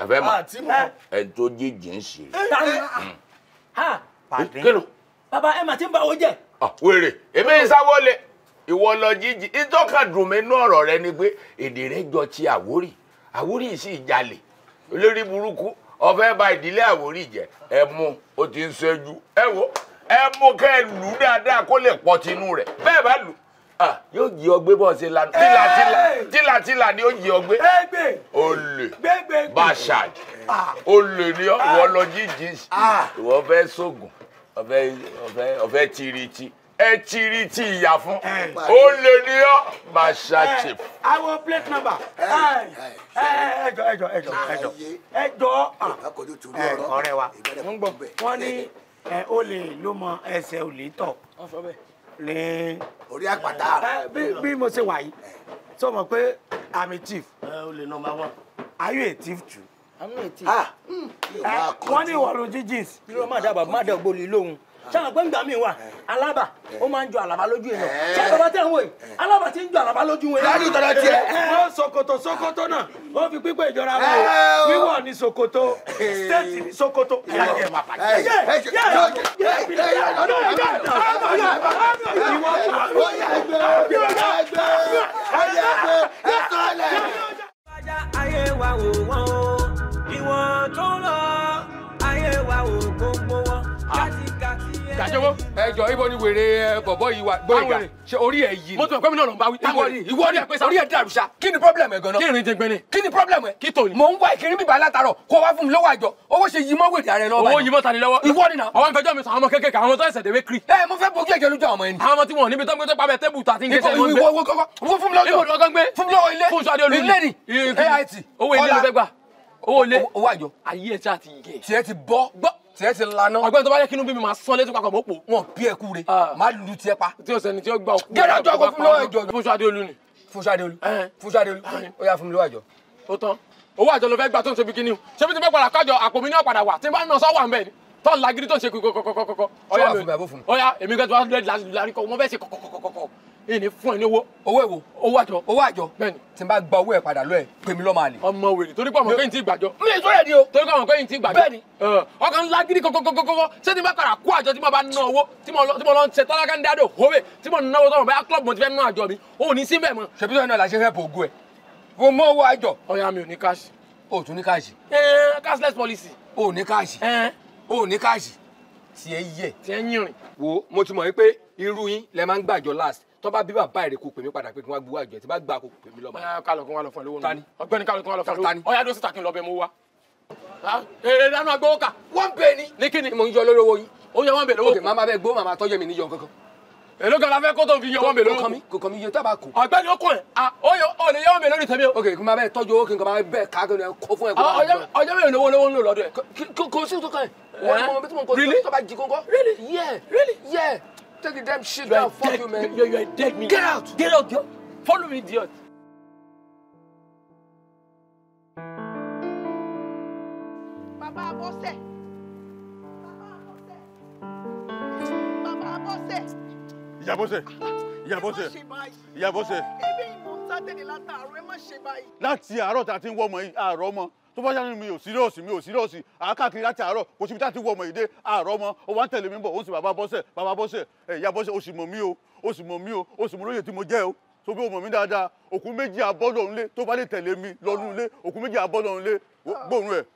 ẹ fẹ́ mọ̀ ẹ̀ tó jí jì ń ṣe. Eh, hmm. kílò. bàbá ẹ̀ mà ti ń bá owó jẹ. wèrè èmi ń sáwọ́ lé ìwọ lọ jíjì ìtọ́ka dùnmí inú ọ̀rọ̀ rẹ ni pé èdè rẹ jọ ti Àwórì Àwórì sì jalè lórí burúkú ọ̀fẹ́ bà ìdílé Àwórì jẹ́ ẹ mú o ti ń ṣẹ́jú ẹ wo ẹ mú kẹ́ ẹ lù dáadáa kó lè pọ̀ tinú rẹ̀ bẹ́ẹ̀ bá lù yóò jí ọgbẹ́ bọ́ ṣe la tílatíla ni yóò jí ọgbẹ́ olè bashaj olè ni ìwọ lọ jíjí ìwọ fẹ́ sógun ọ̀fẹ́ ọ̀fẹ́ ọ̀fẹ́ tiriti ẹ tiri ti ìyà fún ó lè ní ọ máa ṣàṣe. àwọn plate number ẹjọ ẹjọ ẹjọ ẹjọ ẹjọ ọ̀rẹ́ wa ń gbọ́ wọn ní olè ló mọ ẹsẹ̀ olè tọ̀ ní. orí àpáta. bí mo ṣe wà yìí sọ mọ pé i'm a thief. olè number one. are you a thief too. i'm a thief. Ah. Hmm. wọ́n ní ìwọ̀lù jíjìn. irọ́ má dábàá má dẹ̀ gbòòlì lóhun sáwọn gbẹ̀ngbà mi wà alaba ó máa ń jọ alaba lójú yẹn náà ṣé bàbá tẹ̀ ń wò yìí alaba ti ń jọ alaba lójú yẹn. láti tọ̀dọ̀ tiẹ̀. wọ́n ṣòkòtò ṣòkòtò náà wọ́n fi pípé ìjọra wò ó wíwọ̀ ní ṣòkòtò stéètì ní ṣòkòtò. ayé wa wò wọ́n ìwọ̀n tó lọ. jàjọwọ́. ẹ jọ ibo ni wèrè bọ̀bọ̀ yìí wà gbóyèga ṣe orí ẹ yìí. mọ́tò ẹ̀kọ́ mi náà ló ń bá wí. ìwọ ni ìwọ ni orí ẹ dàrú sa. kí ni pọ́blẹ̀mù ẹ̀ gan-an. kí ni jẹgbẹ́ kí ni pọ́blẹ̀mù ẹ̀. kí tòun. mò ń wá ìkíní bíbá látàrọ kó wá fún mi lọ́wọ́ àjọ owó ṣe yí mọ́ wèrè ààrẹ lọ́wọ́. owó yí mọ́ tani lọ́wọ́. ìwọ ni owó ilé owó àjọ. ayé ẹ̀ tí a ti yẹ. tiẹ̀ ti bọ́. gbọ́ tiẹ̀ ti lana. ọgbẹ́ni tó bá yẹ kí inú bí mi máa sán létí papọ̀ mọ́ pò. wọn bí ẹ kú re ah. máa lu tiẹ̀ pa. tí o sẹni tí o gba òkú. gẹ́gẹ́ jọ kó fún mi lọ́wọ́ ìjọ. fúnṣọ adéolú ni. fúnṣọ adéolú eh. fúnṣọ adéolú ah. ó yá fún mi lọ́wọ́ ìjọ. ó tán owó àjọ ló fẹ́ gbà tó ń ṣe bikini ṣé bí ti fẹ́ padà kájọ àpò mi ní ọ̀padà wà tí n bá ń nà sọ́wọ́ à ń bẹ̀ ni tọ́ ń lagiri tó ń ṣe kọ̀kọ̀kọ̀kọ̀ ọ̀yà èmi gẹ́gẹ́ tó wá lórí lárí kọ́ wọ́n fẹ́ ṣe kọ̀kọ̀kọ̀kọ̀ ìní fún ẹ ní owó. owó èwo owó àjọ owó àjọ. bẹ́ẹ̀ni tí n bá gba owó ẹ padà lọ ẹ pé mi lọ máa lè. ọmọ wèrè torí pé ọmọ kẹ́yìn ti gbàjọ. mi ì sọ̀rọ̀ ẹ̀ ni o. torí pé ọmọ kẹ́yìn ti gbàjọ. bẹ́ẹ̀ni. ọkàn ńlá gidi kọ́kọ́kọ́kọ́ ṣé tí n bá padà kó àjọ tí mo bá ná owó tí mo lọ ń ṣe tálákà ń dáadọ̀ òwe tí mo náwó tọmọ bẹ́ẹ̀ club mo ti fẹ́ ná àjọ mi ò ní sí bẹ́ẹ̀ mọ́. ṣèbí sọ́yìn náà la ṣe fẹ́ yìnrìn. wo mo ti mọ̀ wípé irú yín lẹ máa ń gbàjọ last tó bá bí bàbá rẹ̀ kó pè mí padà pé kí wọ́n gbowó àjọ ẹ̀ tí bá gbà kó pè mí lọ́mọ. kálọ̀ kí wọ́n lọ fún ẹ lówó nù. ọgbẹ́ni kálọ̀ kí wọ́n lọ fún ẹ lówó nù. ọ̀yá dó síta kí n lọ bẹ mú wa. èrè lánàá gbowó kà. wọ́n bẹ̀ ni. ní kíni mo ń yọ lóró yín. ó yẹ wọ́n bẹ̀ lówó. òkè màmá bẹ gbó màmá tọ́jú mi níyọ kankan. èló kan la fẹ́ kó tó fi yọ wọ́n bẹ̀ lówó. kò kàn mí iye tábà kù. ọ̀gbẹ́ni ó Take the damn shit down. Fuck dead. you, man. You're, you're a dead man. Get out. Get out, yo. Follow me, idiot. Baba Bose. Baba Bose. Ìyá Bose. Ah, ah. Ìyá Bose. Ìyá Bose. Ebe ìmọ̀ ń sátẹ̀lẹ̀ látàárọ̀ ẹ má ṣe báyìí. Láti àárọ̀ tá a ti ń wọ́ ọmọ yìí, àárọ̀ ọmọ tó bá yára mi ò sí lóòsì mi ò sí lóòsì àákàkiri láti àárọ̀ kò síbi táti wọ ọmọ èdè àárọ̀ ọmọ ó wá ń tẹ̀lé mi bọ̀ ó sì bàbá bọ́sẹ̀ bàbá bọ́sẹ̀ ẹ̀yà bọ́sẹ̀ ó sì mọ̀ mí o ó sì mọ̀ mí o ó sì mọ̀ lóye tí mo jẹ́ o tó bí o mọ̀ mí dáadáa òkú méjì abọ́dọ̀ ńlé tó bá lè tẹ̀lé mi lọ́nu ńlé òkú méjì abọ́dọ̀ ńlé gbóòórùn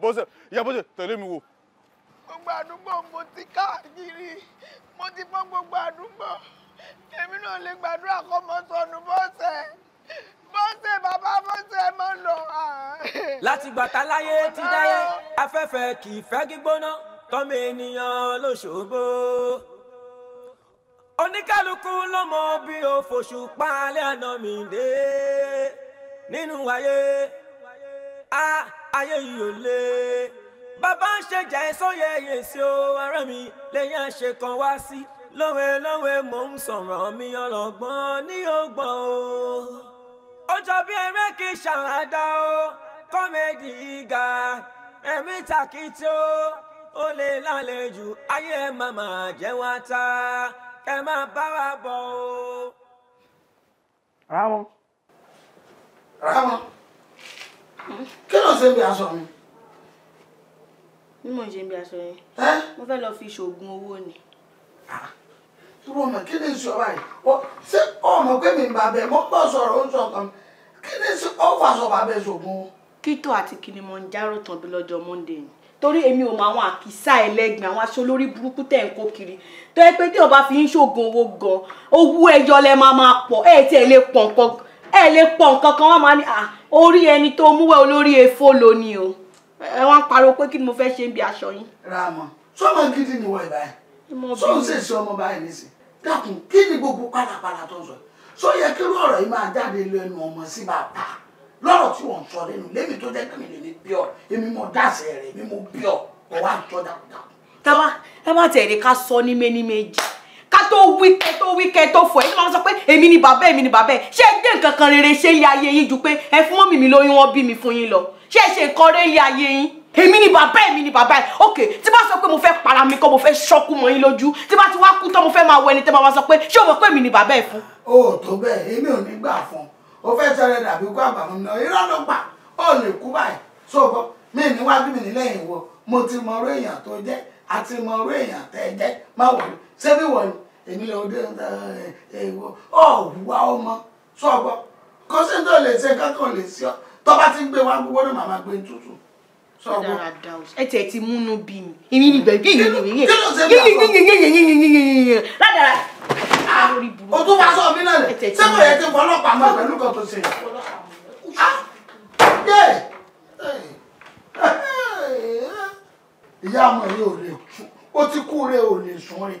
bọ́sẹ̀ ìyá bọ́sẹ̀ tẹ̀lé mi wò gbogbo àdúgbò mo ti káàkiri mo ti fọ́ gbogbo àdúgbò èmi náà lè gbàdúrà kọ́ mọ́ sọnù bọ́sẹ̀ bọ́sẹ̀ bàbá bọ́sẹ̀ mọ́ lọ. láti gbàtà láyé ti dáyé afẹ́fẹ́ kì í fẹ́ gbígbóná tọ́mọ ènìyàn lóṣogbo oníkálukú ló mọ bí o fòṣùpá àná mi dé nínú ayé ayé yìí ò lé bàbá ń ṣe jà ẹ sóye yèsí o ara mi lẹ́yìn àṣẹ kan wá sí lówe lówe mò ń sọ̀rọ̀ mi ọlọ́gbọ́n ní ògbọ́n o. ọjọ́ bí eré kì í ṣàwádà o kọ́mẹ́dì ga ẹ̀mí tàkìtì o ó lè lálejò ayé ẹ̀ máa máa jẹ́ wá ta kẹ́ máa bá wa bọ̀ o. Ramọ. Ramọ. kí ló ń ṣe bí aṣọ mi bí mò ń ṣe ń bí aṣọ yẹn mo fẹ́ lọ fi ṣoògùn owó ni. irú ọmọ kí ni sọ báyìí ṣé ọmọ pé mi bá bẹ mo gbọ́ sọ̀rọ̀ ó ń sọ kan kí ni ó wà sọ bá bẹ ṣoògùn o. kító àti Kilimanjaro tàn bí lọ́jọ́ Monday ni torí èmi ò mọ àwọn àkísà ẹlẹ́gbìn àwọn aṣọ olórí burúkú tẹ̀ ń kó kiri tó yẹ pé tí ọba fi ń ṣoògùn owó gan owó ẹyọ lẹ máa máa pọ̀ ẹ̀ tí ẹ lè pọ̀ nǹkan ẹ lè pọ̀ nǹkan kan wọ́n máa ní orí ẹni tó mú wẹ́ olórí efó lónìí o ẹ wọ́n ń pariwo pé kí ni mo fẹ́ ṣe ń bi aṣọ yín. ramọ sọmọ gidi ni wọ ìbáyìí sóun sì ṣe ọmọ báyìí nísìnyí dákun kí ni gbogbo pálapàla tó ń sọ sọ yẹ kí lọ́rọ̀ yìí máa jáde lẹ́nu ọmọ sí bàbá lọ́rọ̀ tí wọ́n ń sọ lẹ́nu lẹ́mi tó jẹ́ kẹ́mi lèmi bí ọ èmi mo dáṣẹ rẹ̀ èmi mo bí ọ ọwọ́ àjọ dákúdákú. tábà tábà tẹ̀lé ká sọ ní méní méjì ká tó wí kẹ tó wí kẹ tó fọ ẹ tó máa sọ pé èmi ni bàbá èmi ni bàbá ẹ ṣé ẹ gbé nǹkan kan rere ṣe ilé ayé yín ju pé ẹ fún mọ́mì mi lóyún wọn bí mi fún yín lọ ṣé ẹ ṣe nǹkan rẹ ilé ayé yín èmi ni bàbá èmi ni bàbá ẹ ok tí bá sọ pé mo fẹ́ para mi kọ́ mo fẹ́ ṣọ́kú mọ́ yín lójú tí bá ti wá kú tán mo fẹ́ máa wọ ẹni tẹ́ máa sọ pé ṣé o mọ̀ pé èmi ni bàbá ẹ fún. o ò tó bẹ́ẹ̀ èmi ò ní gbà fún o fẹ́ sọ rẹ dàbí kó àbàmú náà irọ́ ló pa ó lè kú báyìí so bọ́ mi níwájú mi nílẹ̀ ìwọ mo ti mọ orú èèyàn tó jẹ́ àti mọ orú èèyàn tẹ́ jẹ́ má wọlé ṣebí wọ̀ ni èmi lọ dé ẹ̀wọ̀ ọ̀ wá ọmọ sọ̀gbọ́ kọ́sẹ́ńtò lè ṣe kankan lè ṣe ọ́ tó bá ti ń gbé wa gbogbo náà màmá gbé tútù sọ̀gbọ́. ẹ tẹ̀ ti múnú bí mi èmi ni bẹ̀ bí yìnyín yìnyín yìnyín yìnyín yìnyín yìnyín ládàra. o tún wá sọ mí náà lẹ sẹ́kọ̀ yẹn ti wọ́n ọlọ́pàá mọ́ pẹ̀lú kan tó ṣe. ìyá ọmọ yìí ò lè sùn ó ti kú rẹ̀ ò lè sùn rẹ̀.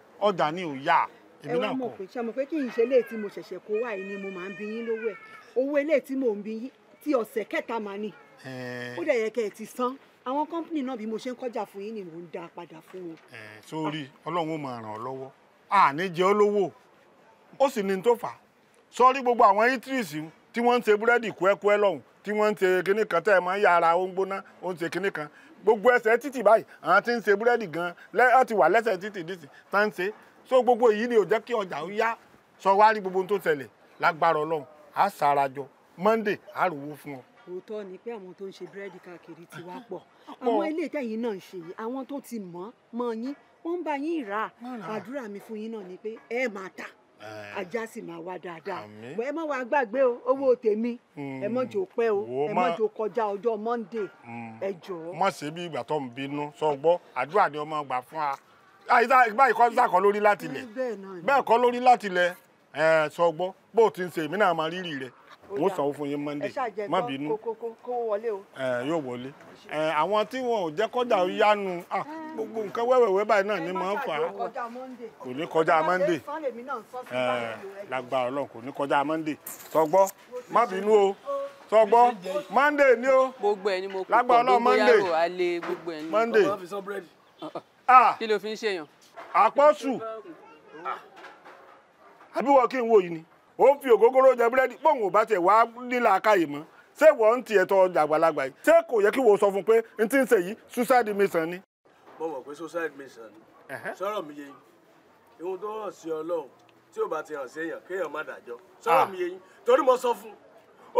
ọjà ni ò yá èmi náà kọ. ẹ wá mọ̀ pé kí n ṣe léè mo ṣẹ̀ṣẹ̀ kó wá yìí ni mo máa ń bi yín lówó ẹ̀ owó eléyìí tí mò ń bi yín ti ọ̀sẹ̀ kẹta mà ni ó dẹ̀ yẹ kẹ́ ẹ ti san àwọn kọ́ńpìnì náà bí mo ṣe ń kọjá fún yín ni mò ń da padà fún wọn. sórí ọlọ́run ó máa ràn ọ́ lọ́wọ́ àní jẹ́ ó lówó ó sì ní tó fà á sọ́rí gbogbo àwọn ítírìsì tí wọ́n ń ṣe búrẹ́dì kúẹ́kúẹ́ lọ́hùn tí wọ́n ń ṣe kinní kan tẹ́ ẹ máa ń yára ó ń gbóná ó ń ṣe kinní kan gbogbo ẹsẹ̀ títì báyìí àwọn tí ń ṣe búrẹ́dì gan lẹ́yìn ti wà lẹ́sẹ̀ títì dìtì tá ń ṣe so gbogbo èyí ni ò jẹ́ kí ọjà ó yá sọ wá rí gbogbo ohun tó ṣẹlẹ̀ lágbára ọlọ́run á sarajọ monday á rówó fún ọ. òótọ́ ni pé àwọn tó ń ṣe búrẹ́dì káàkiri ti wá pọ̀ àwọn ilé ìtẹ̀yìn náà ń ṣe yìí àwọn tó ti mọ̀ mọ́ yín wọ́n ń bá yín rà àdúrà mi fún yín náà ni pé ẹ máa tà. Eh. ajá sì máa wá dáadáa wọ́n ẹ má wàá gbàgbé o owó mm. tèmi ẹ má mm. jò pẹ́ o ẹ má jò kọjá ọjọ́ Monday mm. ẹ jọ̀ọ́. má ṣe bí ìgbà tó ń bínú sọ gbọ́ àdúrà ni ọmọ gbà fún wa ah, báyìí kọ́ bá kọ́ lórí láti lẹ̀ bẹ́ẹ̀ kọ́ lórí láti lẹ̀ ẹ eh, sọ gbọ́ bó o ti ń ṣe èmi náà máa rírì rẹ̀ mo sanwó fún yín Monday má bínú eh, yóò wọlé àwọn tí wọn ò jẹ́ kọjá yánu ah, gbogbo nǹkan wẹ́wẹ̀wẹ́ báyìí náà ni máa ń fà á kò ní kọjá Monday lágbára Ọlọ́run kò ní kọjá Monday sọgbọ́ má bínú o sọgbọ́ Monday ni o lágbára Ọlọ́run Monday Monday ah. Ah, kí ló fi ń ṣèyàn. àpọ́sù àbí wọ́n kí n wò yìí ni ó ń fi ògógóró jẹ búrẹ́dì bóun ò bá tiẹ̀ wá nílà akáyè mọ́ ṣé wọ́n ń tiẹ̀ tọ́ àgbàlagbà yìí ṣé kò yẹ kí wọ́n sọ fún un pé n ti ń ṣe yìí suicide mission ni mo mọ̀ pé suicide mission sọ̀rọ̀ mi yé yín ìhun tó hàn sí ọlọ́run tí ò bá ti hàn sí èèyàn kéèyàn má dájọ́ sọ̀rọ̀ ah. mi yé yín torí mo sọ fún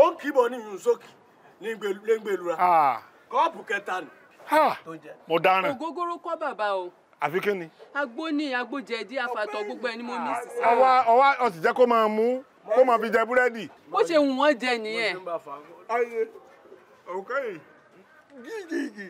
ó ń kíbọ̀ ní yun sókè ní gbèlúra ah. kọ́ọ̀pù kẹta nì tó jẹ́. mo dáràn. ògógóró kọ́ bàbá o àfi kí ni. agbó ni agbó jẹ̀dí afatọ̀ gbogbo ẹni mo mí sísè. ọwọ́ ọwọ́ ọtí jẹ́ kó máa mú kó máa fi jẹ búrẹ́dì. bó ṣe wù wọ́n jẹ nìyẹn. ayé òkè yìí gígìgì.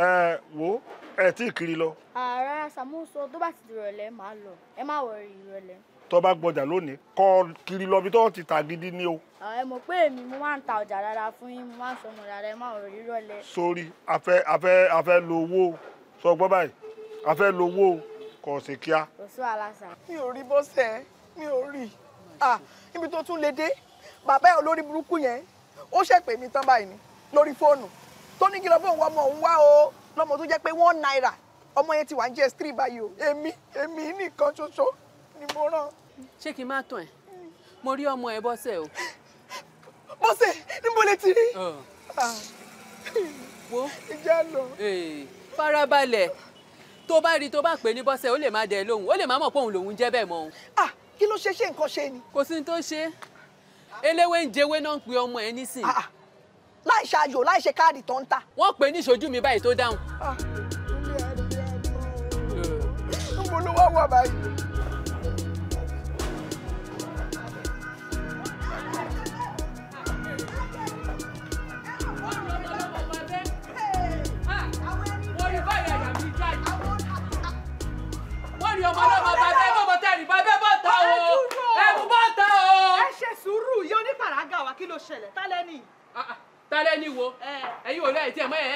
ẹ wo ẹ tí ì kiri lọ. ààrẹ Sàámú sọ tó bá ti rọ̀lẹ́ máa lọ ẹ má wọ ìrọ̀lẹ́. tó bá gbọjà lónìí kọ kiri lọ bí tó ti tà gidi ni o. ẹ mọ̀ pé èmi mo máa ń ta ọjà dáadáa fún yín mo máa ń sọmọ dáadáa ẹ má wọ ìrọ̀lẹ́. sórí afẹ́ afẹ́ afẹ́ lo owó sọ gbọ́ báyìí afẹ́ lo owó kò sí kíá. kò sí wàhálà mi ò rí bọ́sẹ̀ mi ò rí ah ibi tó tún le dé bàbá ẹ̀ olórí burúkú yẹn ó ṣẹ̀pẹ̀ mi tán báyìí ni lórí fóònù tó ní kí lọ fóun ọmọ òun wá o lọ́mọ tó jẹ́ pé one naira ọmọ yẹn ti wà ń jẹ́ street báyìí o èmi èmi nìkan ṣoṣo ni mo rán. ṣé kí n má tàn ẹ́ mo rí ọmọ ẹ bọ́sẹ̀ o. bọ́sẹ̀ níbo lè ti rí. Ah. wo ìjà lọ. farabalẹ̀ tó bá rí tó bá pè ní bọ́sẹ̀ ó lè má dẹ lóhùn ó lè má mọ̀ pé òun lòun jẹ́ bẹ́ẹ̀ mọ́ òun. ah kí ló ṣe ṣe nǹkan ṣe ni. kò sí ní tó ṣe eléwé ń jẹwé náà ń pe ọmọ ẹ nísìn. Ah, ah láì ṣayò láì ṣe káàdì tó ń ta. wọ́n pè ní ìṣojú mi báyìí tó dáhùn. Ah, níbo ló wá wà báyìí. wọ́n rí tálẹ́ ní wo ẹ̀yin òun ẹ̀ tí ẹ̀ mọ́ ẹ̀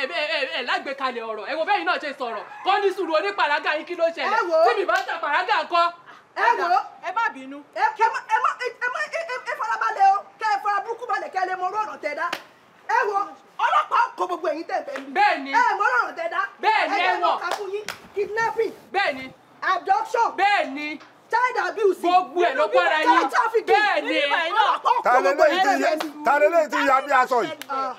ẹ̀ lágbèkalẹ̀ ọ̀rọ̀ ẹ̀ wo bẹ́yìn náà ṣe sọ̀rọ̀ kọ́ ní sùúrù onípàrágà yín kí ló ṣẹlẹ̀ tí mi bá ta pàrágà kọ́. ẹ wò ó ẹ má bínú. ẹ má ẹ má ẹ farabalẹ̀ o kẹ ẹ fara burúkú balẹ̀ kẹ ẹ lè mọ orú ọ̀nà tẹ dá ẹ wo ọlọ́pàá kọ gbogbo ẹ̀yin tẹ̀ bẹ́ẹ̀ ni. bẹ́ẹ̀ni ẹ mọ orú ọ̀nà tẹ dá. bẹ́ẹ̀ni ẹ wọ kidnapping. bẹ́ẹ̀ni abduction. bẹ́ẹ̀ni child abuse. gbogbo ẹ̀ ló para yín bẹ́ẹ̀ ni. tàlélẹ́ ti ya bí aṣọ yìí ah.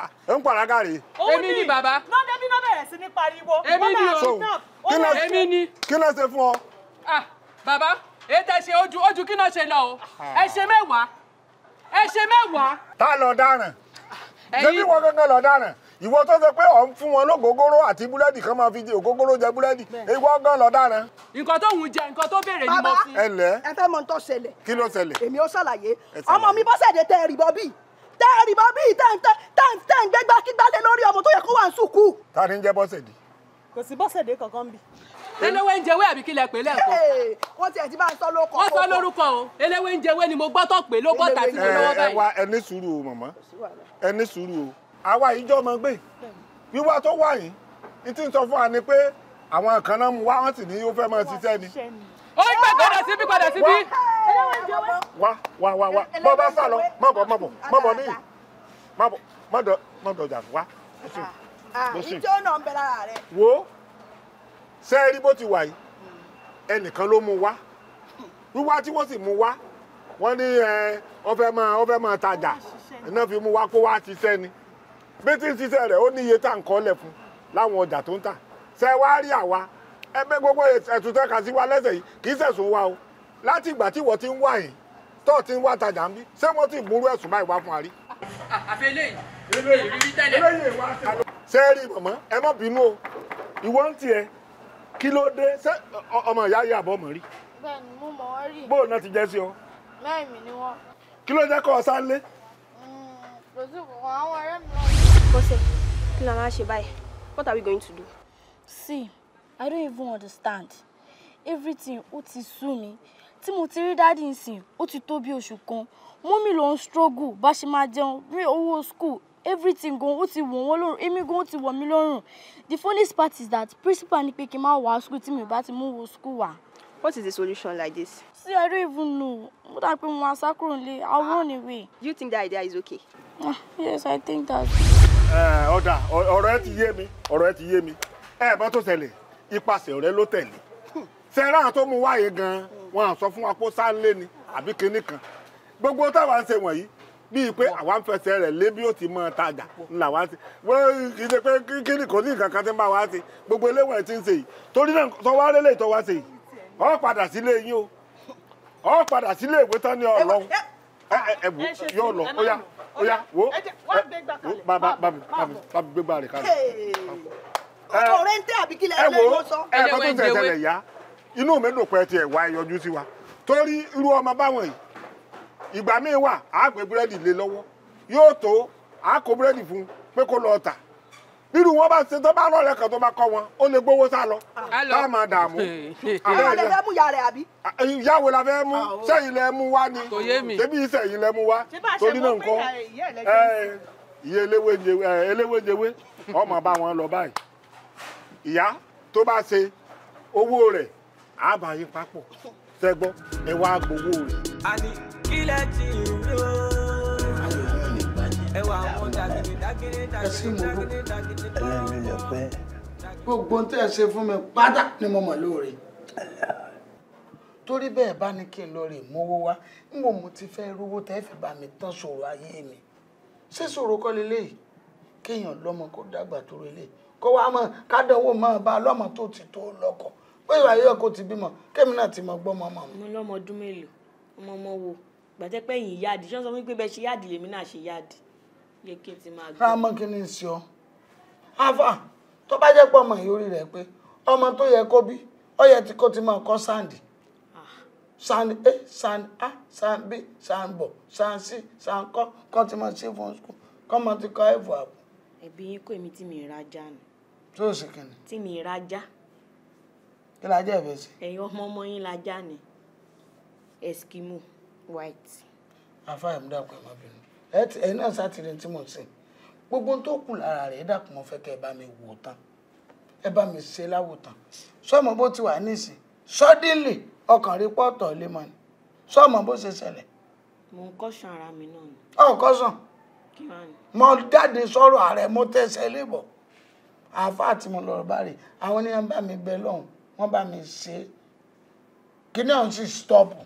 Ah, ń pàràgà rèé. èmi ni bàbá. lọ́dẹ bí náà bẹ̀rẹ̀ sí ní pariwo. èmi ni o èmi ni. kí ló ṣe fún ọ. Ah, bàbá èyí tẹ ṣe ojú ojú kí náà ṣe lọ o ẹ ṣe mẹ́wàá ẹ ṣe mẹ́wàá. ta ló dáràn. ẹyin débi wọn gángan ló dáràn ìwọ tó sọ pé ọ̀ ń fún wọn lógógóró àti búrẹ́dì kan máa fi jẹ ògógóró jẹ búrẹ́dì ìwọ gan lọ dára. nǹkan tó ń jẹ nǹkan tó béèrè ni mo fi. ẹ lẹ ẹ fẹ́ mọ ohun tó ṣẹlẹ̀. kí ló ṣẹlẹ̀. èmi ó ṣàlàyé ọmọ mi bọ́sẹ̀dé tẹ ẹ̀rìbọ bíi tẹ ẹ̀rìbọ bíi tẹ ń gbégbá kígbálẹ̀ lórí ọmọ tó yẹ kó wà ń sùkú. ta ni ń jẹ bọ́sẹ̀dé. kò sí bọ́sẹ̀dé kankan bí eléwé ń jẹwé àbí kí lẹ pè wọ́n sọ lórúkọ. o eléwé ń jẹwé ni mo gbọ́ tó pè ló gbọ́ tà sí mi lọ́wọ́ báyìí. ẹ wá ẹ sùúrù o màmá ẹ sùúrù o àwa ìjọ mọ gbé wíwá tó wà yìí ní tí ń sọ fún wa ni pé àwọn kan náà mú wá wọn sì ní yóò fẹ́ mọ ṣiṣẹ́ ni. ó ń padà síbí padà síbí. wá wá wá wá bọ́ bá sá lọ mọ̀ bọ̀ mọ̀ bọ̀ mọ̀ bọ̀ níyì mọ̀ bọ̀ mọ̀ dọ̀ mọ̀ dọ̀jà wá. Ah, ah, ìjọ náà ń bẹ lára rẹ. wo ṣe rí bó ti wà yìí ẹnìkan ló mú wá wíwá tí wọ́n sì mú wá wọ́n ní ọfẹ́ máa ọfẹ́ máa tajà iná fi mú wá kó wá ṣiṣẹ́ ni bẹ́tí ń ṣiṣẹ́ rẹ̀ ó ní iye tá à ń kọ́lẹ̀ fún láwọn ọjà tó ń tà ṣe wá rí àwa ẹgbẹ́ gbogbo ẹ̀sùn tẹ́ kà sí wa lẹ́sẹ̀ yìí kì í ṣẹ̀sùn wa o láti ìgbà tí wọ́n ti ń wà yìí tó ti ń wá tajà ń bí ṣé wọ́n ti múrú ẹ̀sùn báyìí wá fún wa rí. àfi eléyìí eléyìí rírí tẹ́lẹ̀. ṣé rí mọ̀mọ́ ẹ má bínú o ìwọ ń tiẹ̀ kí ló dé ṣé ọmọ ìyá yà bọ́ mọ̀ rí. bẹ́ẹ̀ni mo mọ̀ wọ́n rí. bóun náà ti jẹ́ sí ọ. mẹ́rin mi ni wọ́n. kí ló jẹ́ kọ́ ọ sálé. kò sí kòkòrò Bọ́sẹ̀, kí la máa ṣe báyìí? What are we going to do? See, I don't even understand. Everything ó ti sú mi. Tí mo ti Toby dáàdì nsìn, ó ti struggle bá ṣe máa jẹun, school, everything gan ó ti wọ̀ wọ́n lọ́rùn, èmi gan ó The funniest part is that principal ní pé kí n má wá school tí mi school What is the solution like this? See, I don't even know. What happened pé mo máa sá I'll ah. run away. Do you think the idea is okay? Ah, yes, I think that. ọ̀dà ọ̀rọ̀ ẹ ti yé mi ọ̀rọ̀ ẹ ti yé mi ẹ bá tó ṣẹlẹ̀ ipasẹ̀ ọ̀rẹ́ ló tẹ̀lé sẹ́rà tó mú wáyé gan-an wọn à sọ fún wa pé sáńlé ni àbí kinní kan gbogbo táwa ń ṣe wọ̀nyí bíi pé àwa ń fẹsẹ̀ rẹ̀ lé bí ó ti mọ tajà wọ́n kì í ṣe pé kíni kò kan tí ń bá gbogbo eléwọ̀n ti ń ṣe yìí torí náà tọwọ́ tọwọ́ ṣe yìí ọ̀ padà sílé yín o ọ̀ padà sílé ìwé tán oya wo bàbá bàbá bàbá gbégbá rẹ̀ kalẹ̀. ọkọ rẹ ń tẹ àbí kílẹ̀ ẹ lóyún sọ. ẹ kọ́ tó ń tẹ̀sẹ̀ rẹ̀ yá inú mi dùn pé tiẹ̀ wá yọjú sí wa torí irú ọmọ báwọn yìí ìgbà míì wà á gbé búrẹ́dì lé lọ́wọ́ yóò tó á kó búrẹ́dì fún pé kó lọ tà irú wọn bá ṣe tó bá rọ lẹkọọ tó bá kọ wọn ó lè gbowó sá lọ ká máa dààmú. Ah, ìyá rẹ fẹ́ mú ìyá rẹ àbí. Ah, ìyá wo la fẹ́ mú sẹ́yìn ah, oh. lẹ mú wá ni ṣébí sẹ́yìn lẹ mú wá torí náà nǹkan iye eh, eh, eléwéjewé ọmọ eh, bá wọn lọ báyìí ìyá tó bá ṣe owó rẹ̀ àbáyé papọ̀ tẹ́gbọ́ ẹ wá gbowó rẹ̀. a ní kílẹ̀ tí ń ro ẹwà wọn dàbí ẹ sì mú bò ẹlẹ́rìí lè pé. gbogbo ohun tẹ́ ẹ ṣe fún mi pátá ni mo mọ̀ lóore. torí bẹ́ẹ̀ bá ní kí n lọ rè mówó wá n mò mo ti fẹ́ rówó tẹ́ fi bá mi tán ṣòro ayé mi ṣé ṣòro kọ́ leléyìí kéèyàn lọ́mọ kó dàgbà tó relé kó wá mọ̀ kádánwò máa bá lọ́mọ tó ti tó lọ́kọ pé ìwà yíyọ kó ti bímọ kémi náà ti mọ gbọ́mọ ọmọ mo lọ́mọ ọdún mélòó ọmọ ọmọ wo gbàtẹ́pẹ́ yìí yáàdì ṣọ́n sọ fún bẹ́ẹ̀ ṣe yáàdì lèmi náà ṣe yáàdì yẹ kí n ti máa gbé. rámọ́ kí ni sí ọ afa tó bá jẹ́ pé ọmọ ìyórí rẹ̀ pé ọmọ tó yẹ kó bí ó yẹ tí kò ti máa kọ́ sáǹdì ah. sáǹdì a sáǹdì a sáǹdì b sáǹdì bọ̀ sáǹdì c sáǹdì kọ́ kọ́ ti máa ṣe fún skul kọ́ máa ti kọ́ ẹ̀fọ́ àbọ̀. ẹ̀bí yín kò èmi tí mi ì rajà nù. tó o sì kìnnì. tí mi ì rajà. kí la jẹ́ ìfẹ́ ẹ̀yin ọmọ ọmọ yín la já ni Eskimo white. afa ẹ̀ mú dàpọ̀ ẹ̀ má bínú ẹ̀yin náà sátìrì tí mo ń sìn gbogbo tó kù lára rẹ̀ ẹ dàpọ̀ mọ́ fẹ́ kẹ́ ẹ bá mi wò tán ẹ bá mi ṣe láwòtán sọmọ bó ti wà nísìn sọdínlì ọkàn rí pọ́ọ̀tọ̀ lé mọ́ ni sọmọ bó ṣe ṣẹlẹ̀. mo ń kọ́sàn ara mi náà ni. ọ̀ kọ́sàn mo jáde sọ̀rọ̀ ààrẹ mo tẹ̀sẹ̀ lébọ̀ àáfàá tí mo lọ bá rè àwọn ní wọn bá mi bẹ lọ́hùn wọn bá mi ṣe é kí náà sì stọ́ọ̀pù.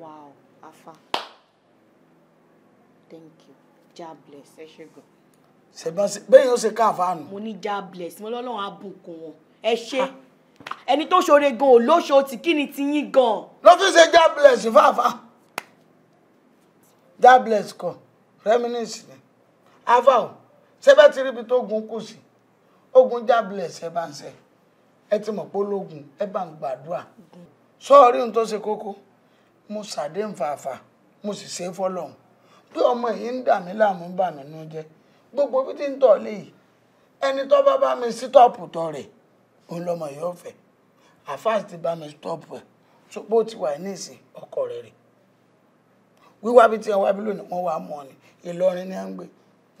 wàá àfa thank you ja bless ẹ ṣe gan. ṣèbáṣe bẹ́ẹ̀ yóò ṣe káàfáànù. mo ní ja bless mo lọ́lọ́run á bùkún wọn ẹ ṣe ẹni tó ṣoore gan olóṣo tí kí ni ti yín gan. ló fi ṣe ja bless fáfá ja bless kọ reminisce ni afa o ṣé bẹ́ẹ̀ ti rí ibi tó gun kù sí ogun ja bless ẹ bá ń ṣe ẹ ti mọ̀ pé ológun ẹ bá ń gbàdúrà sọ́ọ̀rí ohun tó ṣe kókó mo ṣàdéǹfààfà mo sì ṣe é fọ́lọ́hún pé ọmọ yìí ń dà mí láàmú bà mí nú jẹ́ gbogbo bí tí ń tọ̀ lé yìí ẹni tó bá bá mi sítọ́ọ̀pù tọ̀ rẹ̀ òun lọmọ yìí ó fẹ́ àfáàsì ti bá mi sítọ́ọ̀pù ẹ̀ so bó ti wà ní ìsìn ọkọ rẹ̀ rè wíwá bí tí wọ́n bí lónìí wọ́n wá mọ́ ni Ìlọrin ni à ń gbé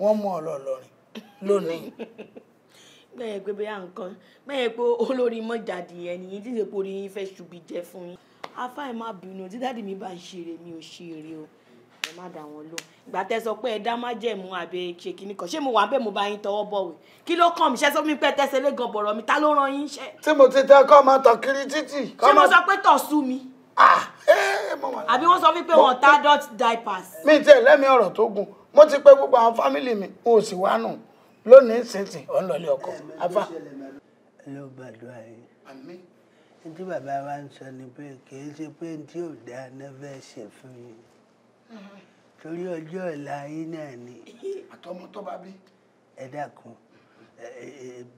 wọ́n mú ọ lọ Ìlọrin lónìí bẹ́ẹ̀ pé bẹ́ẹ̀ nǹkan bẹ́ẹ̀ pé olórí mọ́jáde ẹni yìí tí ìṣèpò orí yín fẹ́ ṣubí jẹ fún yín afáì má bínú tí dáàdì mi bá ń ṣeré mi ò ṣeré o ẹ má dà wọn lò ìgbà tẹ sọ pé ẹ dá májẹ̀mú àbẹ ṣe kínní kan ṣé mo wà bẹ́ẹ̀ mo bá yín tọwọ́ bọ̀wé kí ló kàn mí ṣe sọ mi pé tẹsẹ̀ lẹ́gàn bọ̀rọ̀ mi ta ló ran yín ṣe. tí mo ti tẹ kọ́ máa tọ̀ kiri títì. ṣé mo sọ pé tọ̀ sú mi. Ah, eh, àbí wọ́n sọ wípé wọ́n ta dot diapers. mi tẹ lẹ́mi ọ̀rọ̀ tó gùn mo ti pé gbogbo àwọn fámìlì mi n ò sì wá nù lónìí ṣèṣì ọ̀ ń lọlé ọkọ afa. ló gbàdúrà yìí tí bàbá wa ń sọ ni pé kì í ṣe pé tí ò dáa náà fẹ́ ṣe fún yìí torí ọjọ́ ọ̀la yín náà ni. àtọmọ tó bá bí. ẹ dákun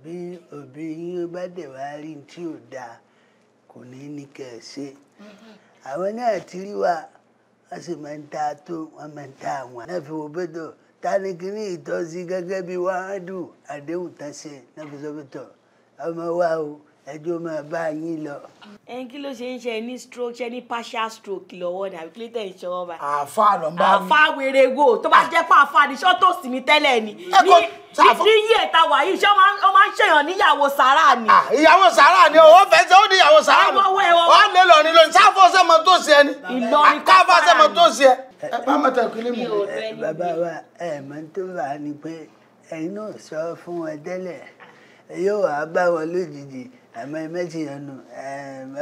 bí òbí yín bá dẹ̀ wá rí tí ò dáa kò ní ní kẹ́ ẹ ṣe. àwọn náà ti rí wa wọ́n sì máa ń ta tó wọ́n máa ń ta àwọn. náà fi wo bẹ́tọ̀ ta ni kíní ìtọ́sí gẹ́gẹ́ bí wàhádùn àdéhùn tán ṣe náà fi sọ bẹ́tọ̀ ọmọ wa o ẹjọ́ máa bá yín lọ. ẹ kí ló ṣe ń ṣe ní stroke ṣe ní partial stroke lọ́wọ́ ní àbí clayton ìṣọwọ́ bá. àfa ló ń bá mi. àfa wèrè go tó bá jẹ́ pé àfa ni ṣọ́ tó sì mí tẹ́lẹ̀ ni. ní yí ẹ̀ta wàyí ṣé wọ́n máa ń ṣèyàn níyàwó sàrà ni. ìyàwó sàrà ni òun ah, fẹ́ ṣe ó ní ìyàwó sàrà ni wọ́n lè lọ nílò sáfọ́ sẹ́mọ tó ṣe ẹni àkáfà sẹ́mọ tó ṣe ẹ. ẹ má mọ̀tà ìpínlẹ̀ mi. bàbá wa ẹ̀ máa ń tó wà ẹ̀yin náà sọ fún wọn tẹ́lẹ̀ yóò wá bá wọn lójijì àmọ́ ẹ mẹ́tì ẹnu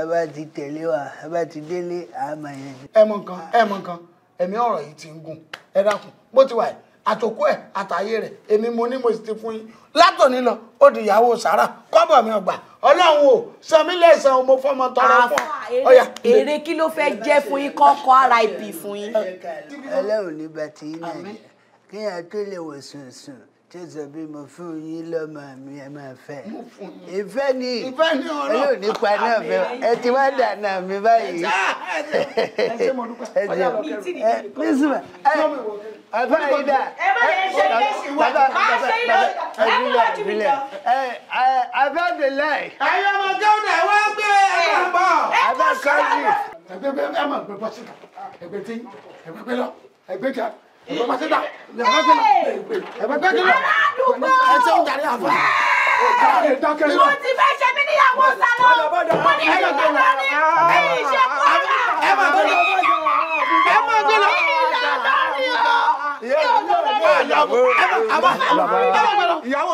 ẹ bá ti tẹ̀lé wa ẹ bá ti délé àmọ́ yẹn. ẹ mọ nǹkan ẹ mọ nǹkan ẹ̀mí ọ̀rọ̀ yìí ti ń gùn ẹ dákun bó ti wà yìí àtòkù ẹ̀ àtàyè rẹ̀ èmi mo ní mo sì ti fún yín látòní lọ ó di ìyàwó sàrà kọ́bọ̀ mi ọgbà ọlọ́run o sanmi lẹ́sàn-án mo fọmọ tọrọ fún ọ. èrè kí ló fẹ́ jẹ́ fún yín kọ́kọ́ ara ìbí fún yín. ẹlẹ́rù ní bàtí yín náà kí yàrá lè wò sùn sùn tẹsẹ bí mo fún yín lọ́mọ mi ẹ máa fẹ́ ìfẹ́ ni ìfẹ́ ni ọ̀rọ̀ èyí ò ní pa náà fẹ́ ẹ ti wá dànà mi báyìí ẹ ti mísìmọ ẹ ọfà yìí dà ẹ bá yẹ ṣe é ṣe wá máa ṣe é lọ ẹ mú wájú mi lọ. ẹ ẹ abẹ́bẹ̀lẹ̀. ayé ọmọ gẹ́gẹ́ wá gbé ẹgbẹ́ bọ̀. abẹ́ kọ́jú. ẹgbẹ́ bẹ́ẹ̀ ẹ máa gbé bọ́ síta ẹgbẹ́ tí ẹgbẹ́ bẹ́ẹ̀ lọ ẹgbẹ́ tí a ẹ bá ṣe dà ẹ bá gbé kíló ẹ ṣe ń darí àfa. ni mo ti fẹ́ ṣe mí níyàwó sálọ mo ní ìṣe kọ́ lórí èyí ṣe kọ́ lórí ẹ máa gbé lọ ẹ máa gbé lọ ìyàwó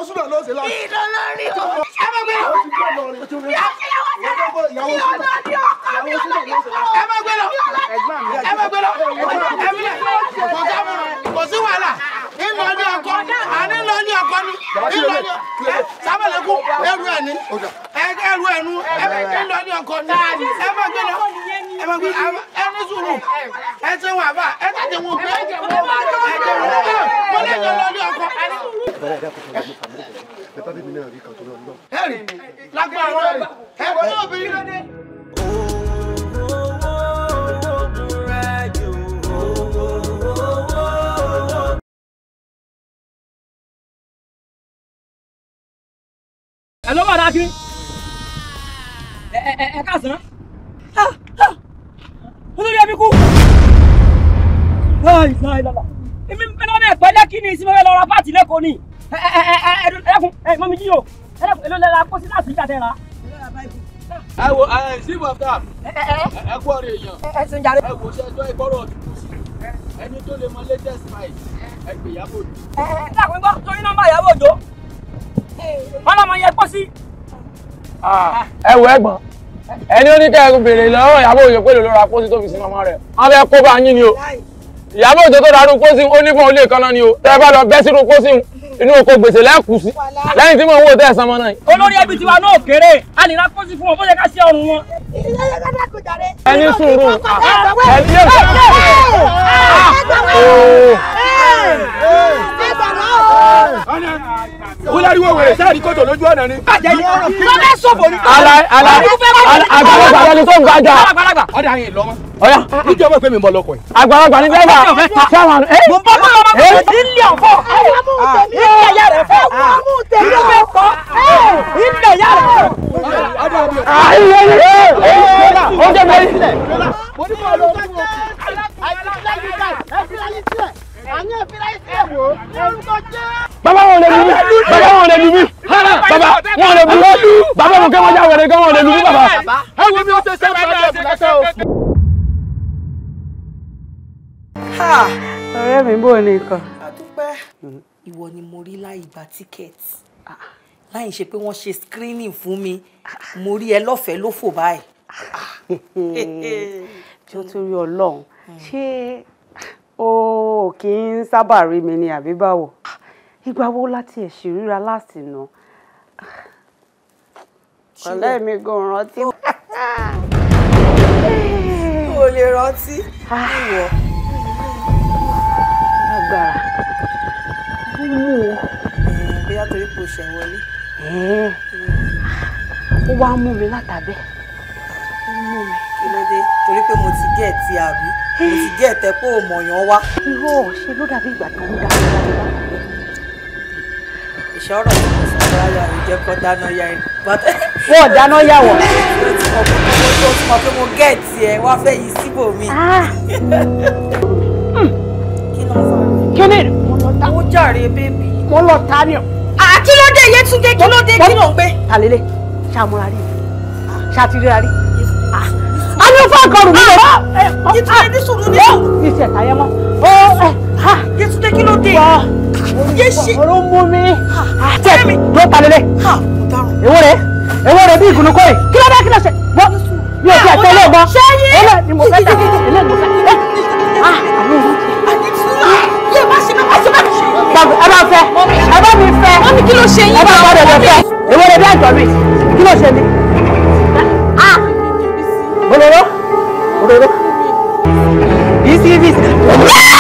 súnà ló ṣe lọ. ìdọ̀lọ́rí o. ẹ má gbé lọ. ìyàwó súnà ní ọkọ mi ọlọ́dún kọ́. ẹ má gbé lọ. ẹ má gbé lọ. ẹ má gbé lọ. kò sí wàhálà ńlọ ní ọkọ àní ńlọ ní ọkọ ni ńlọ ní ẹ sábàlẹ̀kù ẹrù ẹ̀ ní ẹrù ẹ̀ nú ńlọ ní ọkọ ni ẹ má gbé lọ ẹ má gbé ẹ ní sùúrù ẹ ti wọn àbá ẹ tàbí wọn pé ẹ jẹ wọn mo lè jẹ lọ ọkọ. ẹ rí lágbára ẹ rí obìnrin. ẹ ló bá dá kiri ẹ ẹ ẹ káàsán olórí ẹbí kú èmi bẹ́ẹ̀ lọ́dọ̀ ẹ̀pẹ́ lẹ́kí ni sí fẹ́fẹ́ lọ́ra pàtì lẹ́kọ̀ọ́ ni ẹ ẹ ẹ ẹ ẹdùn ẹ mọ mi jí o ẹdùn èlò lẹ́la kó sí láti ìjà tẹ́ra. ẹ wo ẹ sí bọ̀tà ẹ kú ọ̀rẹ́ èèyàn ẹ wo ṣe ẹjọ́ ìgbọ́rọ̀ ọ̀dùn kù sí ẹni tó lè mọ latest price ẹ gbé Ìyábọ̀ Òjó. ẹ ẹ dákun gbọ́ torí nọ́mbà Ìyábọ̀ Òjó wọ́n lọ́mọ yẹn pọ́ sí. Ah. ẹ wo ẹ̀gbọ́n ẹni ó ní kẹ́ ẹ lọ́wọ́ ìyàwó òjò pé lòlóra pósí tó fi sin ọmọ rẹ̀ wọ́n fẹ́ kó bá yín ni o ìyàwó òjò tó darú pósí ó ní fún olè kan náà ni o tẹ́ bá lọ bẹ́ sínú pósí inú oko gbèsè lẹ́kùú sí lẹ́yìn tí mò ń wò tẹ́ sanmọ́ náà. olórí ẹbí tiwa náà kéré a lè ra pósí fún wọn bó ṣe ká sí ọrùn wọn. ẹni sùúrù ẹni yóò sọ wúlẹ́rìwò wèrè sẹ́ẹ̀rì kòtò lójú ọ̀nà ni. bàjẹ́ yìí ọ̀rọ̀ kí ló fẹ́ sọ̀bọ̀ ní. ala ala àgbàlagbà wọlé tó ń gbàjà. àgbàlagbà ọ̀dà yẹn lọ mọ́. ọ̀yà níjọ́ mọ̀ pé mi mọ̀ lọkọ yìí. àgbàlagbà ni bẹ́ẹ̀ bá sáwọn ẹ. mo bọ́ bọ́ lọ́mọ mi nílẹ̀ ọ̀fọ́. ilé ẹ̀yà rẹ̀ fọ́. ilé ẹ̀yà rẹ̀ fọ́. ilé ẹ̀yà rẹ̀ fọ́. ayé ayé al bàbá wọn lè lu mí bàbá wọn lè lu mí bàbá wọn lè lu mí bàbá wọn kẹwọn já wẹrẹ kẹwọn lè lu mí bàbá. ẹ wo mi o ṣe ṣe bàbá mi kẹkẹ o. ọ̀rẹ́ mi bò ní ikọ̀. adúpẹ́ ìwọ ni mo rí láì gba tíkẹ́ẹ̀tì láì ṣe pé wọ́n ṣe screening fún mi mo rí ẹ lọ́fẹ̀ẹ́ ló fò báyìí. tí ó tún rí ọlọ́run hmm. ṣé o kì í sábà rí mi ni àbí báwo wo láti ẹ̀ ṣì ríra láti nà ọ̀lẹ́ mi gan rántí. o lè rántí ah. ìwọ. agbára ó mú o. bóyá torí kò ṣẹ̀ ó wá mú mi látàbẹ́ nù mí. kí ló dé torí pé mo ti gé ẹtì àbí mo ti gé ẹtẹ pé òmòyàn wá. irọ́ ṣe ló dàbí ìgbà tó ń dá lọ́wọ́. ìṣọ́rọ̀ mi kò sọ̀rọ̀ ayà ìjẹ́ kọ́ dáná ya ẹ̀. wọ́n dáná yà wọ̀. mo ti mọ̀ pé mo tó ti mọ̀ pé mo gé ẹtì ẹ̀ wá fẹ́ yí síbò mi. Ah. kí ló fà á. kí ni mo lọ ta. mo jàre bébì. mo lọ ta ni. àti ló dé kí ló dé kí ló ń gbé. tàlélẹ̀ ṣàmúra rí ah. ṣàtìrẹ́ra rí a ní fún akọrù mi lọ. yétúndé ah, ah, eh, ní sùúrù ní sùúrù. kì í ṣe ẹ̀ka yẹn mọ́. yétúndé eh, kí ló dé. yéṣi ọ̀rọ̀ mú mi. tẹ ló palẹ̀lẹ̀. èwo rẹ̀ èwo rẹ̀ bí ìgùnnú kọ́ yìí kí ló dé kí ló ṣe gbọ́ mi ò fi ẹ̀tọ́ lé ọgbọ́n. ṣé yé ẹlẹ́ ni mo fẹ́ ta ẹlẹ́ ni mo fẹ́ ta. Eh, ah, ẹ bá fẹ́ ẹ bá mi fẹ́ ẹ bá gbọ́dọ̀ lọ fẹ́ èwo rẹ̀ bí àjọ mi kí ló ṣe mi. これはこれは BCB ですか